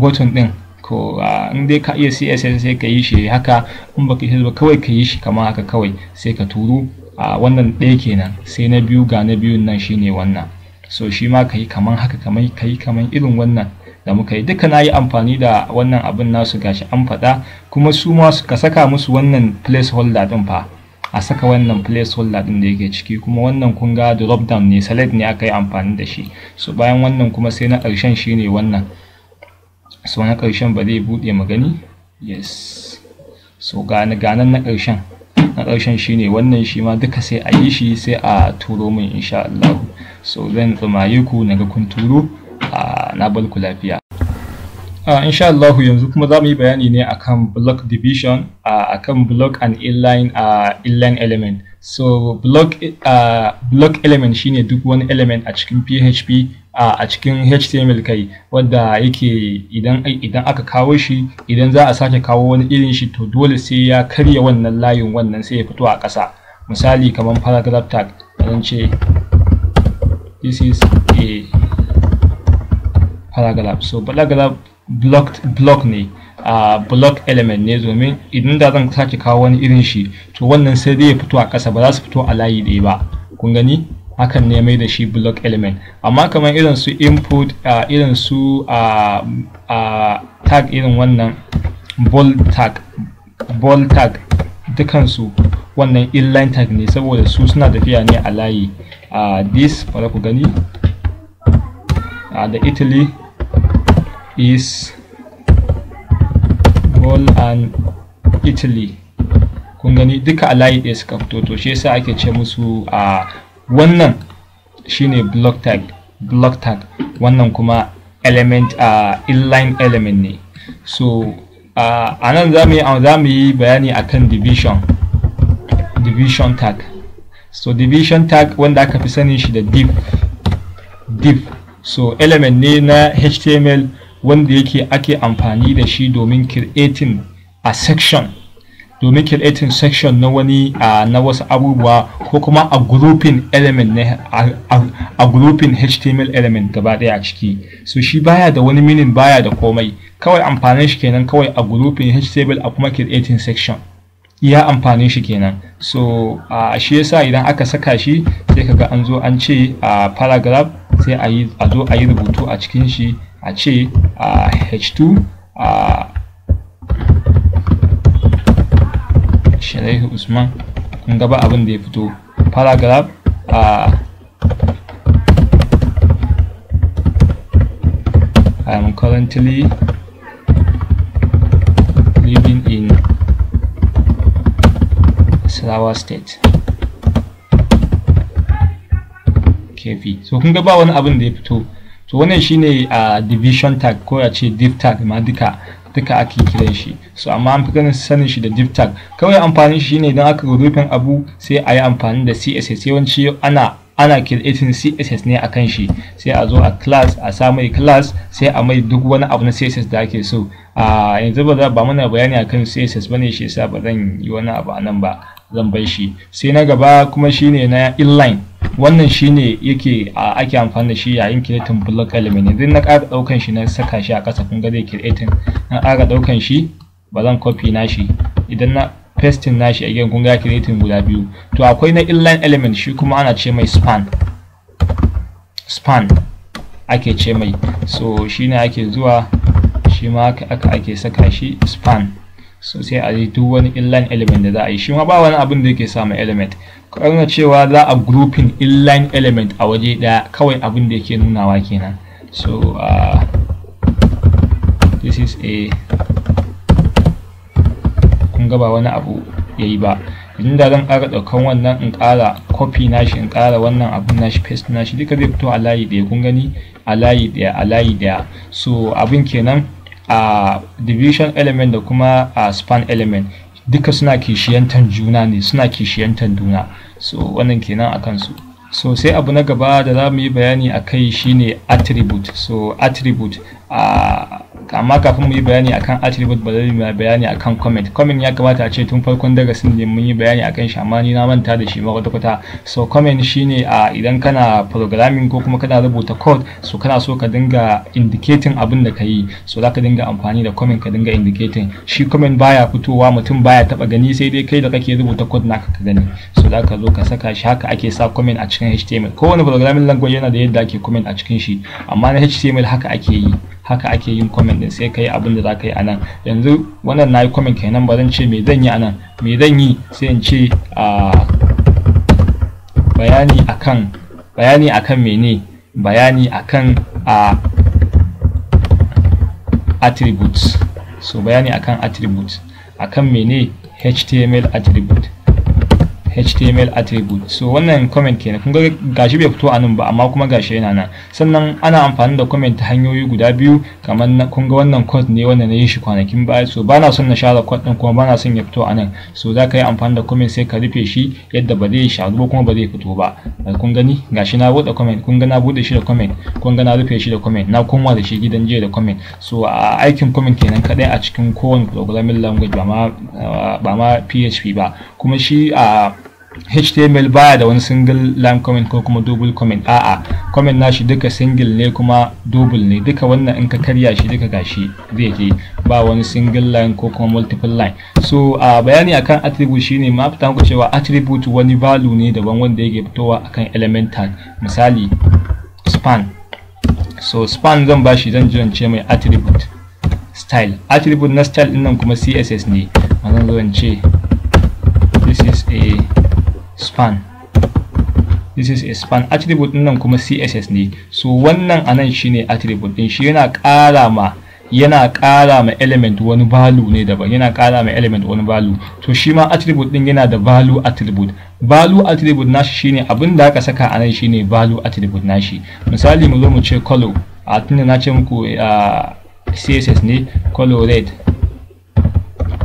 button din ko in dai ka iya css sai ka yi shi haka in baka yi ba kawai ka yi shi kamar haka kawai sai ka turo a wannan ɗaya kenan sai na biyu ga na biyun nan shine wannan so shi ma ka yi kaman haka kaman ka kaman irin wannan da muka yi duka na yi amfani da wannan abin nasu gashi an faɗa kuma su ma ka saka musu wannan placeholder ɗin fa a saka wannan placeholder ɗin da yake ciki kuma wannan kun ga drop down ne select ne aka yi amfani da shi so bayan wannan kuma sai na ƙarshen shine wannan so na ƙarshen ba zai buɗe magani yes so ga na ƙarshen na ƙarshen shine wannan shi ma duka sai a yi shi sai a turo min insha Allah so zan tsumaye ku na ga kun turo na bar lafiya Uh, insha Allah yanzu kuma za mu yi bayani ne akan block division a akan block and inline a inline element so block uh, block element shine duk wani element a cikin php uh, a cikin html kai wadda yake idan idan aka kawo shi idan za a sake kawo wani irin shi to dole sai ya karya wannan layin wannan sai ya fito a ƙasa misali kamar paragraph tag zan ce this is a paragraph so paragraph blocked block ne a block element ne domin idan da zan sake kawo wani irin shi to wannan sai dai ya fito a ƙasa ba za su fito a layi ɗaya ba kun gani hakan ne mai da shi block element amma kamar irin su input a irin su a tag irin wannan ball tag ball tag dukansu wannan inline tag ne saboda su suna tafiya ne a layi a this ba ku gani da italy is Portugal and Italy kun gani duka a layi ɗaya suka fito to shi yasa ake ce musu a wannan shine block tag block tag wannan kuma element a inline element ne so a nan za mu yi bayani akan division division tag so division tag wanda aka fi sani shi da div div so element ne na html wanda yake ake amfani da shi domin creating a section domin creating section na wani na wasu abubuwa ko kuma a grouping element ne a grouping html element gaba daya a ciki so shi baya da wani minin baya da komai kawai amfanin shi kenan kawai a grouping html a kuma creating section ya amfanin shi kenan so shi yasa idan aka saka shi sai kaga an zo an ce a paragraph sai a zo a yi rubutu a cikin shi a ce a h2 a shari'a usman kun gaba abin da ya fito paragraph a I am currently living in Sarawa state kefi so kun ga ba wani abin da ya fito so wannan shine a division tag ko a ce div tag ma duka duka ake kiran shi so amma an fi ganin sanin shi da div tag kawai amfanin shi ne idan aka rufin abu sai a yi amfani da css yawanci ana ana creating css ne akan shi sai a zo a class a sa mai class sai a mai duk wani abu na css da ake so a yanzu ba za ba mana bayani akan css bane shi yasa ba zan yi wani abu anan ba zan bar shi sai na gaba kuma shine na inline wannan shine yake ake amfani da shi yayin creating block element yanzu na ƙara ɗaukan shi na saka shi a ƙasa kun ga zai creating na ƙara ɗaukan shi ba zan copy na shi idan na pasting na shi again kun ga creating guda biyu to akwai na inline element shi kuma ana ce mai span span ake ce mai so shine ake zuwa shi ma aka ake saka shi span so sai a yi duk wani inline element da za a yi shi ma ba wani abin da yake samu element karna cewa za a grouping inline element a waje daya kawai abin da yake nunawa kenan so uh, this is a kun gaba wani abu ya yi ba idan da zan ƙara ɗaukan wannan in ƙara copy nashi in ƙara wannan abun nashi paste nashi duka zai fito a layi ɗaya kun gani a layi ɗaya a layi ɗaya so abin kenan a division element da kuma a span element duka suna kishiyantan juna ne suna kishiyantan juna so wannan kenan a kansu so sai abu na gaba da za mu yi bayani a kai shine attribute so attribute a amma kafin mu yi bayani akan attribute ba zai yi bayani akan comment comment ya kamata a ce tun farkon darasin ne mun yi bayani akan shi amma ni na manta da shi ma kwata kwata so comment shine a idan kana programming ko kuma kana rubuta code so kana so ka dinga indicating abin da ka yi so zaka dinga amfani da comment ka dinga indicating shi comment baya fitowa mutum baya taba gani sai dai kai da kake rubuta code naka ka gani so zaka zo ka saka shi haka ake sa comment a cikin html kowane programming language yana da yadda ake comment a cikin shi amma na html haka ake yi haka ake yin comment comment din sai kai abin da za ka yi anan, yanzu wannan na yi comment kenan ba zan ce me zan yi anan, me zan yi sai in ce ah, bayani akan bayani akan mene bayani akan a ah, attributes so bayani akan attributes akan mene html attribute html attribute so wannan comment kenan kun ga gashi bai fito anan ba amma kuma gashi yana nan sannan ana amfani da comment ta hanyoyi guda biyu kamar na kun ga wannan code ne wanda na yi shi kwanakin baya so bana son na share code din kuma bana son ya fito anan so za ka yi amfani da comment sai ka rufe shi yadda ba zai shagu ba kuma ba zai fito ba eh, kun gani gashi na bude comment kun ga na bude shi da comment kun ga na rufe shi da comment na koma da shi gidan jiya da comment so a aikin comment kenan kadai a cikin kowane programming language ba ma ba ma php ba kuma shi a html baya da wani single line comment ko kuma double comment a'a comment na shi duka single ne kuma double ne duka wannan in ka karya shi duka gashi zai je ba wani single line ko kuma multiple line so a bayani akan attribute shine ma fita muku cewa attribute wani value ne daban wanda yake fitowa akan elemental misali span so span zan bashi zan jirance mai attribute style attribute na style din nan kuma css ne wannan zan ce is a span this is a span attribute nan kuma css ne so wannan anan shine attribute din shi yana ƙara ma yana ƙara ma element wani value ne daban yana ƙara ma element wani value to shi ma attribute din yana da value attribute value attribute nashi shine abin da aka saka anan shine value attribute nashi misali mu zo mu ce color a tunda na ce muku css ne color red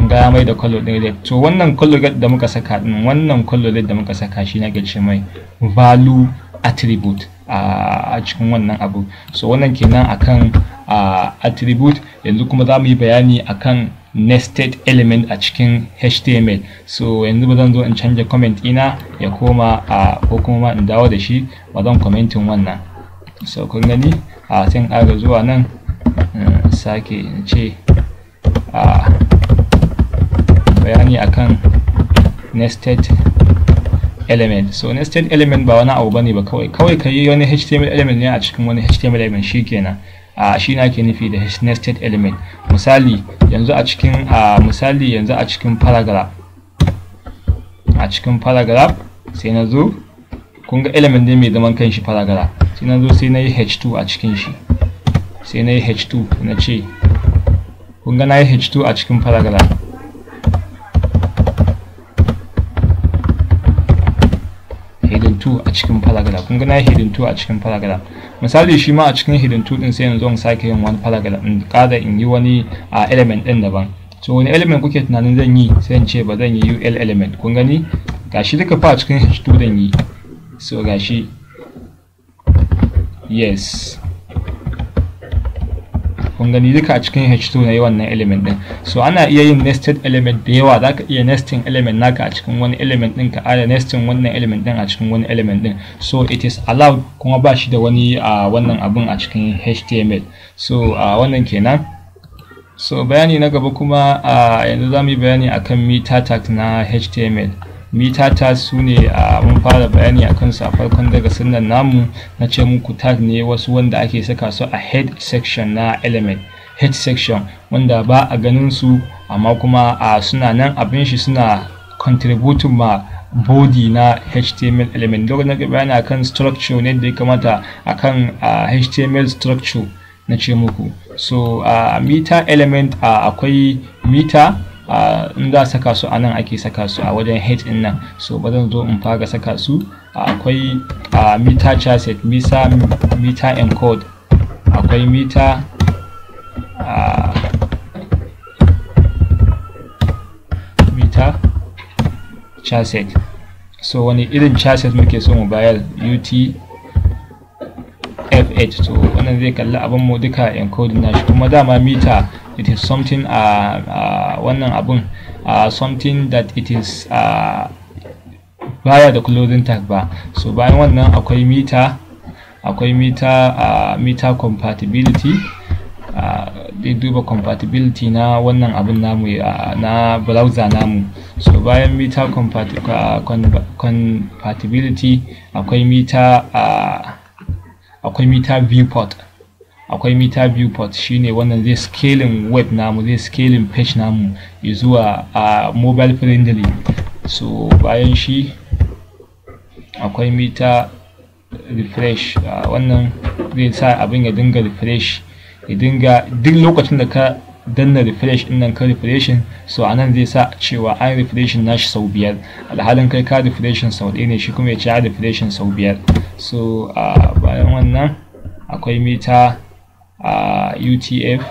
ga mai da color red to wannan color da muka saka din wannan color da muka saka shi na gelshe mai value attribute a cikin wannan abu so wannan kenan akan attribute yanzu kuma za mu yi bayani akan nested element a cikin html so yanzu ba zan zo in canja comment ina ya koma a ko kuma in dawo da shi ba zan commentin wannan so kun gani a sai in zuwa nan eh, sake in ce a bayani akan nested element so nested element ba wani abu bane ba kawai kawai ka yi wani html element ne a cikin wani html element shikenan a shi na ke nufi da nested element misali yanzu a cikin a misali yanzu a cikin paragraph a cikin paragraph sai na zo kun ga element ne mai zaman kanshi paragraph sai na zo sai na yi h2 a cikin shi sai na yi h2 na ce kun ga na yi h2 a cikin paragraph hidintu a cikin paragraph kun ga na hidintu a cikin paragraph misali shi ma a cikin hidintu ɗin din sai yanzu in sake yin wani paragraph in kada in yi wani a element din daban so wani element kuke tunanin zan yi sai in ce ba zan yi ul element kun gani gashi duka fa a cikin h zan yi so gashi yes kun gani duka a cikin h2 na yi wannan element din so ana iya yin nested element da yawa za ka iya nesting element naka a cikin wani element din ka ada nesting wannan element din a cikin wani element din so it is allowed kuma ba shi da wani a wannan abun a cikin html so a wannan kenan so bayani na gaba kuma a yanzu za mu yi bayani akan meta tag na html mita su ne a mun fara bayani a kansu a farkon daga sunan namu na ce muku tag ne wasu wanda ake saka su a head section na element head section wanda ba a ganin su amma kuma a suna nan abin shi suna contributing ma body na html element duk na bayani akan structure ne da ya kamata akan html structure na ce muku so a uh, meter element akwai meter in za a saka su a nan ake saka su a wajen h din nan so ba zan zo in fara saka su akwai mita chasset meter mita encode akwai mita mita chasset so wani irin chasset muke so mu bayar ut 8 so wannan zai kalli abin mu duka encoding nashi kuma dama mita it is something a wannan abun something that it is baya da closing tag ba so bayan wannan akwai mita akwai mita uh, mita compatibility zai duba compatibility na wannan abin namu na browser namu so bayan mita compatibility akwai mita akwai meter viewport akwai meter viewport shine wannan zai scaling web namu zai scaling page namu zuwa a mobile friendly so bayan shi akwai mita refresh wannan zai sa abin ya dinga refresh ya dinga duk lokacin da ka danna refresh din nan ka refreshin so anan zai sa cewa an refreshin nashi sau biyar alhalin kai ka refreshin sau ɗaya ne shi kuma ya ce ya refreshin sau biyar so a bayan wannan akwai mita a utf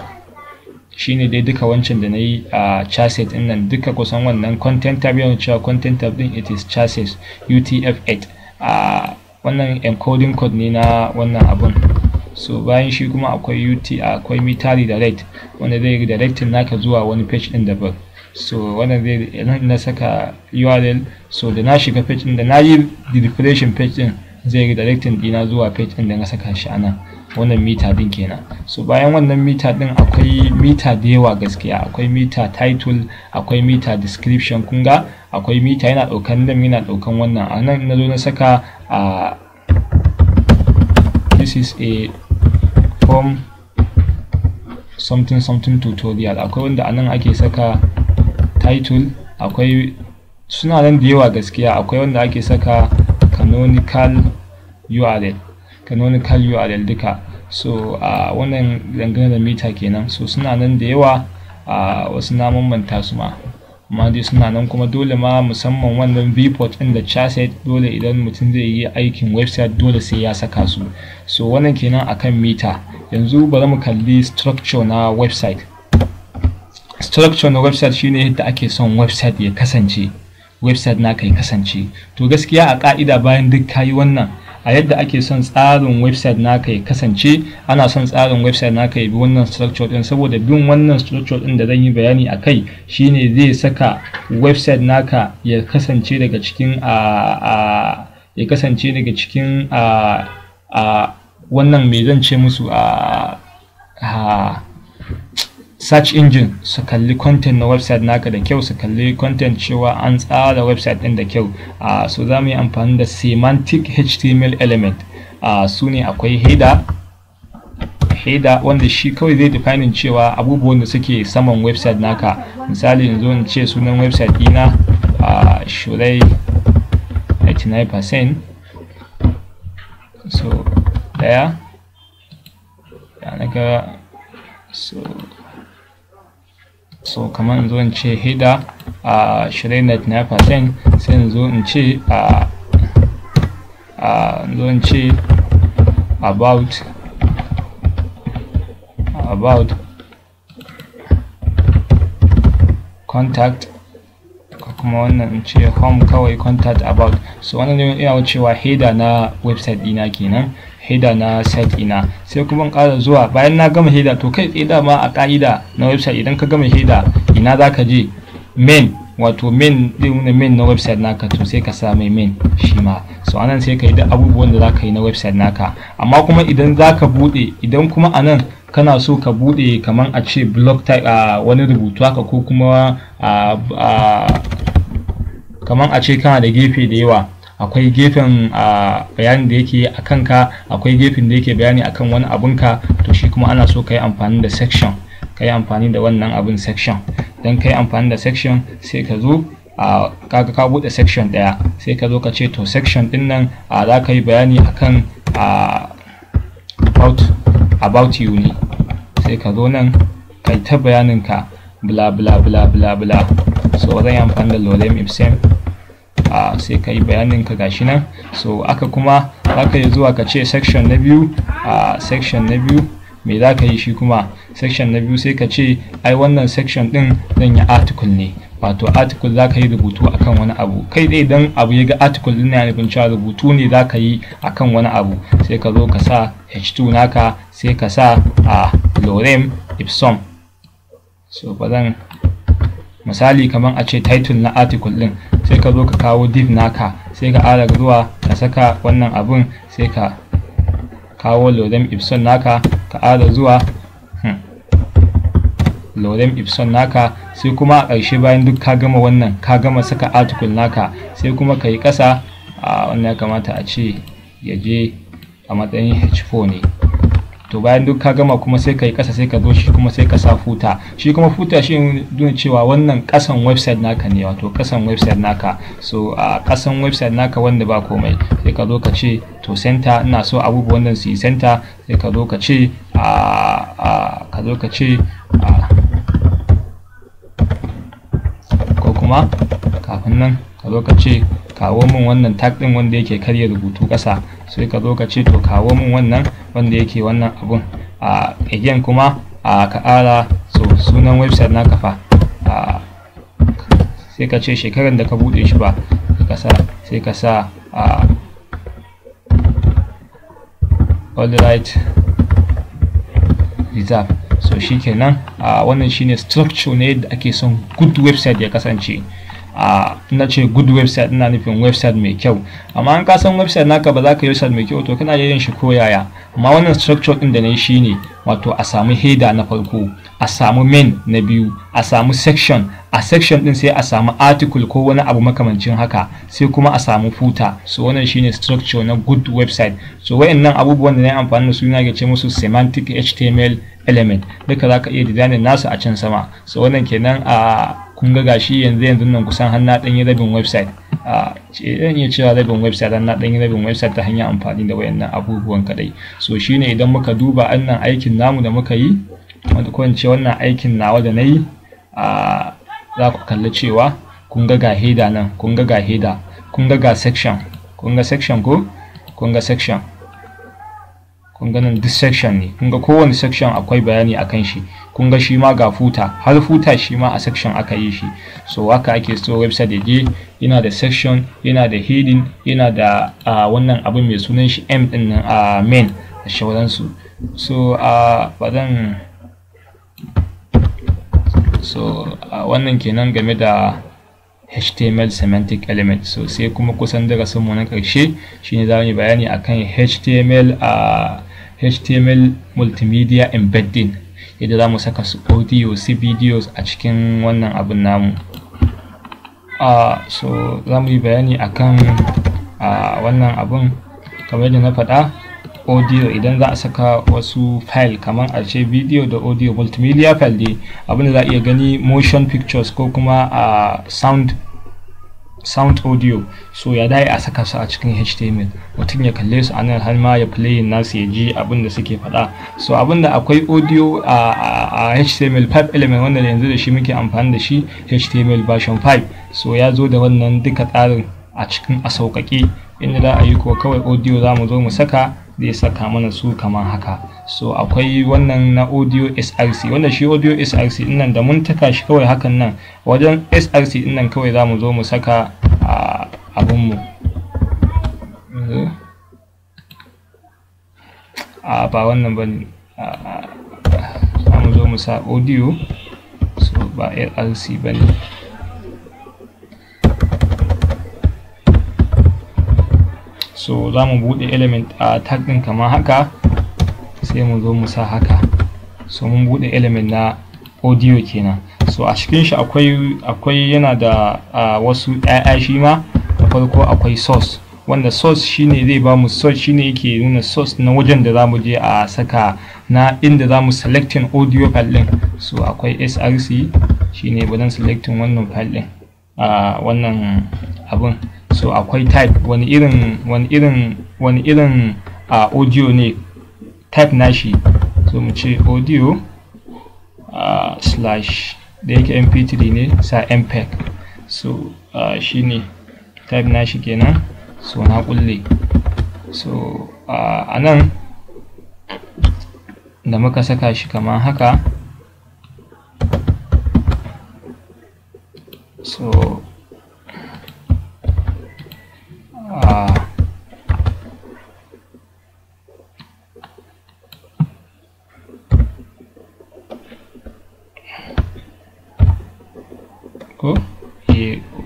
shine dai duka wancan da na yi a chassis din nan duka kusan wannan content tab yawan cewa content tab din it is chassis utf-8 a wannan encoding code ne na wannan abun so bayan shi kuma akwai ut akwai meter redirect wanda zai redirecting naka zuwa wani page din daban so wannan zai nan na saka url so da na shiga page din da na yi refreshing page din zai redirect dina zuwa page din da na saka shi ana wannan mita din kenan so bayan wannan mita din akwai mita da yawa gaskiya akwai mita title akwai mita description kun ga akwai mita yana daukan nan yana daukan wannan a nan na zo na saka a ah, this is a from something something tutorial akwai wanda anan ake saka title akwai suna nan da yawa gaskiya akwai wanda ake saka canonical url canonical url duka so a uh, wannan dangane da mita kenan so suna nan da yawa a uh, wasu na manta su ma amma dai suna nan kuma dole ma musamman wannan vport ɗin da chasset dole idan mutum zai yi aikin website dole sai ya saka su so wannan kenan akan mita yanzu bari mu kalli structure na website structure na website shine yadda ake son website ya kasance website na kai kasance to gaskiya a ka'ida bayan duk kayi wannan a yadda ake son tsarin website naka ya kasance ana son tsarin website naka ya bi wannan structure din saboda bin wannan structure din da zan yi bayani a kai shine zai saka website naka ya kasance daga cikin a ya kasance daga cikin a wannan me zan ce musu a search engine su kalli content na website naka da kyau su kalli content cewa an tsara website din da kyau uh, so za mu yi amfani da semantic html element uh, su ne akwai header header wanda shi kawai zai defining cewa abubuwan da suke saman website naka misali yanzu in ce sunan website dina a uh, shurai 99% so daya ya naga so so kamar in zo in ce hida a shirin 99% sai in zo in ce a zo in ce about about contact kuma wannan in ce home kawai contact about so wannan ne yana cewa hida na website dina kenan heda na site ina sai kuma in ƙara zuwa bayan na gama heda to kai tsaye ma a ƙa'ida na website idan ka gama heda ina za ka je main wato main ɗin main na website naka to sai ka sa mai main shi ma so anan sai ka yi duk abubuwan da za ka yi na website naka amma kuma idan za ka buɗe idan kuma anan kana so ka buɗe kamar a ce blog type a wani rubutu haka ko kuma a kamar a ce kana da gefe da yawa akwai gefen bayani da yake a kanka akwai gefen da yake bayani akan wani abunka to shi kuma ana so ka yi amfani da section ka yi amfani da wannan abin section don ka yi amfani da section sai ka zo a ka bude section daya sai ka zo ka ce to section din nan a za ka yi bayani akan about about you ne sai ka zo nan ka yi ta bayaninka bla bla bla bla bla so zan yi amfani da lolem ipsum a sai ka yi bayanin ka gashi nan so aka kuma za ka yi zuwa ka ce section na biyu a section na biyu me za ka yi shi kuma section na biyu sai ka ce ai wannan section din zan yi article ne wato article za ka yi rubutu akan wani abu kai dai idan abu ya ga article din na nufin cewa rubutu ne za ka yi akan wani abu sai ka zo ka sa h2 naka sai ka sa a lorem ipsum so ba misali kamar a ce title na article din sai ka zo ka kawo div naka sai ka ara zuwa ka saka wannan abun sai ka kawo lorem ipsum naka ka ara zuwa hmm, lorem ipsum naka sai kuma a ƙarshe bayan duk ka gama wannan ka gama saka article naka sai kuma ka yi ƙasa a ah, wannan ya kamata a ce ya je a matsayin h4 ne to bayan duk ka gama kuma sai ka yi ƙasa sai ka zo shi kuma sai ka sa futa shi kuma futa shi nuna cewa wannan ƙasan website naka ne wato ƙasan website naka so a ƙasan website naka wanda ba komai sai ka zo ka ce to center ina so abubuwan nan su yi center sai ka zo ka ce a ka zo ka ce ko kuma kafin nan ka zo ka ce kawo min wannan tag din wanda yake karya rubutu ƙasa sai ka zo ka ce to kawo min wannan wanda yake wannan abun a again kuma a ka ƙara so sunan website na kafa sai ka ce shekarar da ka buɗe shi ba kasa sai ka sa a all right reserve so shikenan a wannan shine structure ne da ake son good website ya kasance a na ce good website ina nufin website mai kyau amma an kasan website naka ba za ka yi website mai kyau to kana yi yin shi ko yaya amma wannan structure din da na yi shine wato a samu header na farko a samu main na biyu a samu section a section din sai a samu article ko wani abu makamancin haka sai kuma a samu footer so wannan shine structure na good website so wayannan abubuwan da na amfani da su na ce musu semantic html element duka za ka iya designing nasu a can sama so wannan kenan a kun ga gashi yanzu yanzu nan kusan har na dan yi rabin website a zan iya cewa rabin website har na dan yi rabin website ta hanyar amfani da wayannan abubuwan kadai so shine idan muka duba annan aikin namu da muka yi wanda ko ce wannan aikin nawa da nayi a za ku kalli cewa kun ga ga header nan kun ga ga header kun ga ga section kun ga section ko kun ga section kun ganin duk section ne kun ga kowane section akwai bayani akan shi kun ga shi ma ga futa har futa shi ma a section aka yi shi so haka ake so website ya je yana da section yana da heading yana da wannan abin mai sunan shi m din nan a main da shauransu so a ba zan so wannan kenan game da HTML semantic element so sai kuma kusan darasin mu na karshe shine za mu yi bayani akan HTML a html multimedia embedding yadda za mu saka su audio su videos a cikin wannan abin namu uh, so za mu yi bayani akan uh, wannan abin kamar yadda na faɗa audio idan za a saka wasu file kamar a ce video da audio multimedia file dai abinda za a iya gani motion pictures ko kuma a sound sound audio so ya dai a saka su a cikin html mutum ya kalle su anan har ma ya play nasu ya ji abin da suke faɗa so abin da akwai audio a html 5 element wanda yanzu da shi muke amfani da shi html version 5 so ya zo da wannan duka tsarin a cikin a sauƙaƙe inda za a yi ko kawai audio za mu zo mu saka zai saka mana su kamar haka so akwai wannan na audio src wanda shi audio src nan da mun taka shi kawai hakan nan wajen src nan kawai za mu zo mu saka abinmu eh? a ba wannan ba ne za mu zo mu sa audio so ba src ba ne so za mu buɗe element a tag ɗin kamar haka sai mu zo mu sa haka so mun bude element na audio kenan so a cikin shi akwai akwai yana da wasu ƴaƴa shi ma da farko akwai source wanda source shine zai ba mu source shine yake nuna source na wajen da zamu je a saka na inda zamu selecting audio file din so akwai src shine wajen selecting wannan file din a wannan abun so akwai type wani irin wani irin wani irin audio ne type nashi so mu ce audio uh, slash da yake mp3 ne sa mpeg so uh, shine type nashi kenan so na kulle so uh, a nan da muka saka shi kamar haka so uh,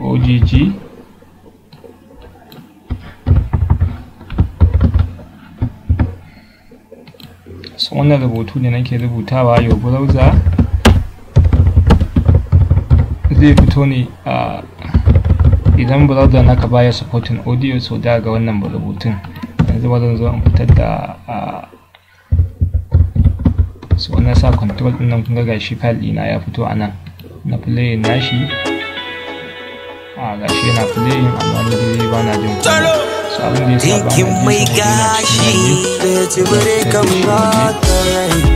ogg so wannan rubutu ne nake rubutawa yau browser zai fito ne a idan browser naka baya supporting audio so da ga wannan rubutun yanzu ba zan zo in fitar da so na sa control din nan kun ga gashi file ɗina ya fito a nan na play nashi gashi yana playing amma ni dai ba na jin komai so abin da ya sa ba na jin komai yana cikin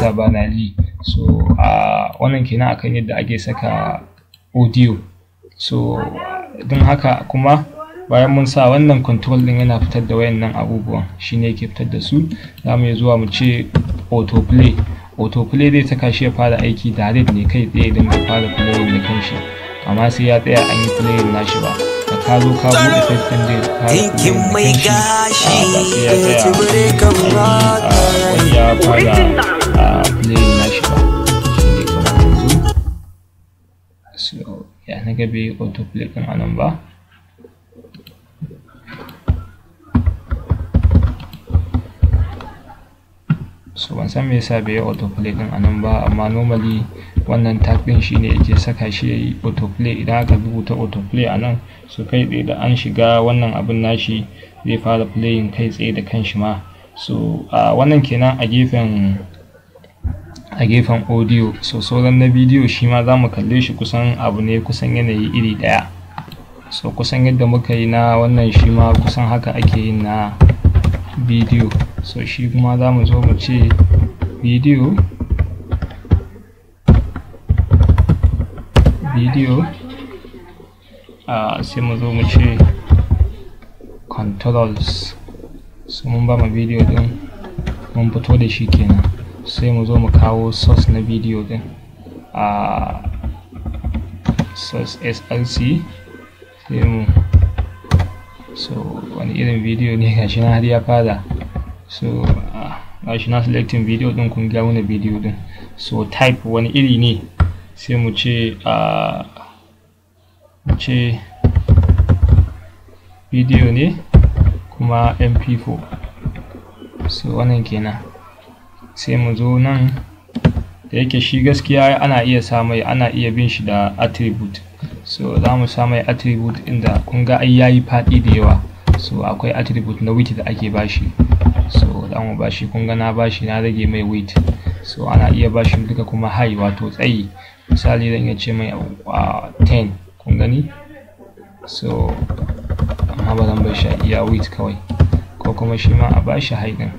ta ba na so a wannan kenan akan yadda ake saka audio so don haka kuma bayan mun sa wannan control din yana fitar da wayannan abubuwan shine yake fitar da su za mu zuwa mu ce autoplay autoplay zai saka shi ya fara aiki direct ne kai tsaye ya fara playing da kanshi amma sai ya tsaya an yi playing nashi ba ka zo ka buɗe session din tinkin mai gashi ya tsibire kan ya fara playing nashi ba shi ne kamar yanzu so ya na gabe autoplay kan anan ba so ban san me yasa bai yi autoplay din anan ba amma normally wannan tag din shine yake saka shi yayi autoplay idan aka rubuta autoplay anan so kai tsaye da an shiga wannan abin nashi zai fara playing kai tsaye da kanshi ma so a wannan kenan a gefen a gefen audio so sauran na bidiyo shi ma za mu kalle shi kusan abu ne kusan yanayi iri ɗaya so kusan yadda muka yi na wannan shi ma kusan haka ake yin na video so shi kuma za mu zo mu ce video video uh, ah, sai mu zo mu ce controls so mun ba mu video din mun fito da shi kenan sai mu zo mu kawo source na video din a ah, source src sai mu so wani irin bidiyo ne gashi nan har ya fara so ah, shi na selecting video din kun ga wani video din so type wani iri ne sai mu ce a ah, ce video ne kuma mp4 so wannan kenan sai mu zo nan da yake shi gaskiya ana iya samai ana iya bin shi da attribute so za mu samai attribute inda kun ga ai yayi faɗi da yawa so akwai attribute na width da ake bashi so da mu bashi kun ga na bashi na rage mai width so ana iya bashi duka kuma high wato tsayi misali zan iya ce mai 10 ah, kun gani so amma ba zan bashi a iya width kawai ko kuma shi ma a bashi high din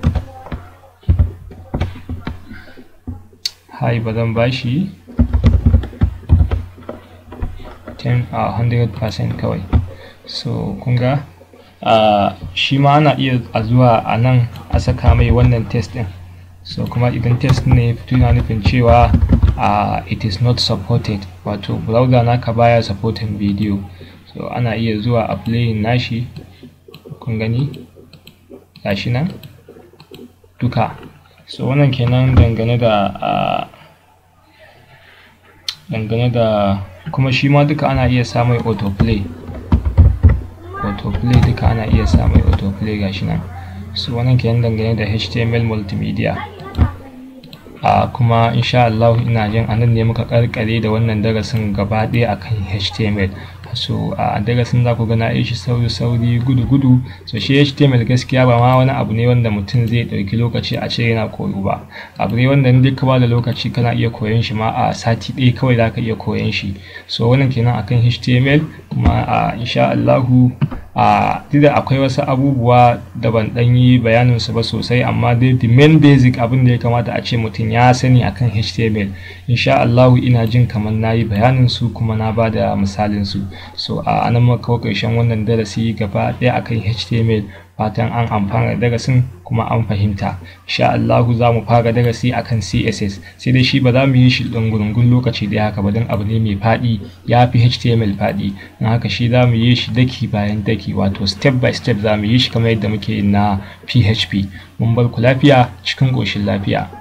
high ba zan bashi 10 a 100% kawai so kun ga shi ma ana iya a zuwa a nan a saka mai wannan test din so kuma idan test ne ya fito yana nufin cewa it is not supported wato browser naka baya supporting video so ana iya zuwa a playin nashi kun gani gashi nan duka so wannan kenan dangane da dangane da kuma shi ma duka ana iya samun autoplay autoplay duka ana iya samun autoplay gashi nan su so wannan kenan dangane da html multimedia a ah, kuma insha Allah ina jin anan ne muka karkare da wannan darasin gaba ɗaya akan html so a darasin za ku gana na sauri sauri gudu gudu so shi html gaskiya ba ma wani abu ne wanda mutum zai ɗauki lokaci a ce yana koyo ba abu ne wanda duk ka bada lokaci kana iya koyon shi ma a sati ɗaya kawai za ka iya koyon shi so wannan kenan akan html kuma a insha Allahu a tida akwai wasu abubuwa da ban dan yi bayanin su ba sosai amma dai the main basic abin da ya kamata a ce mutum ya sani akan html insha allahu ina jin kamar na yi bayanin su kuma na ba da misalin su so a nan muka kawo ƙarshen wannan darasi gaba ɗaya akan html fatan an amfana darasin kuma an fahimta Sha Allahu za mu fara darasi akan CSS sai dai shi ba za mu yi shi dungurungun lokaci da haka ba don abu ne mai faɗi ya fi HTML faɗi na haka shi za mu yi shi daki bayan daki wato step by step za mu yi shi kamar yadda muke na PHP mun bar ku lafiya cikin ƙoshin lafiya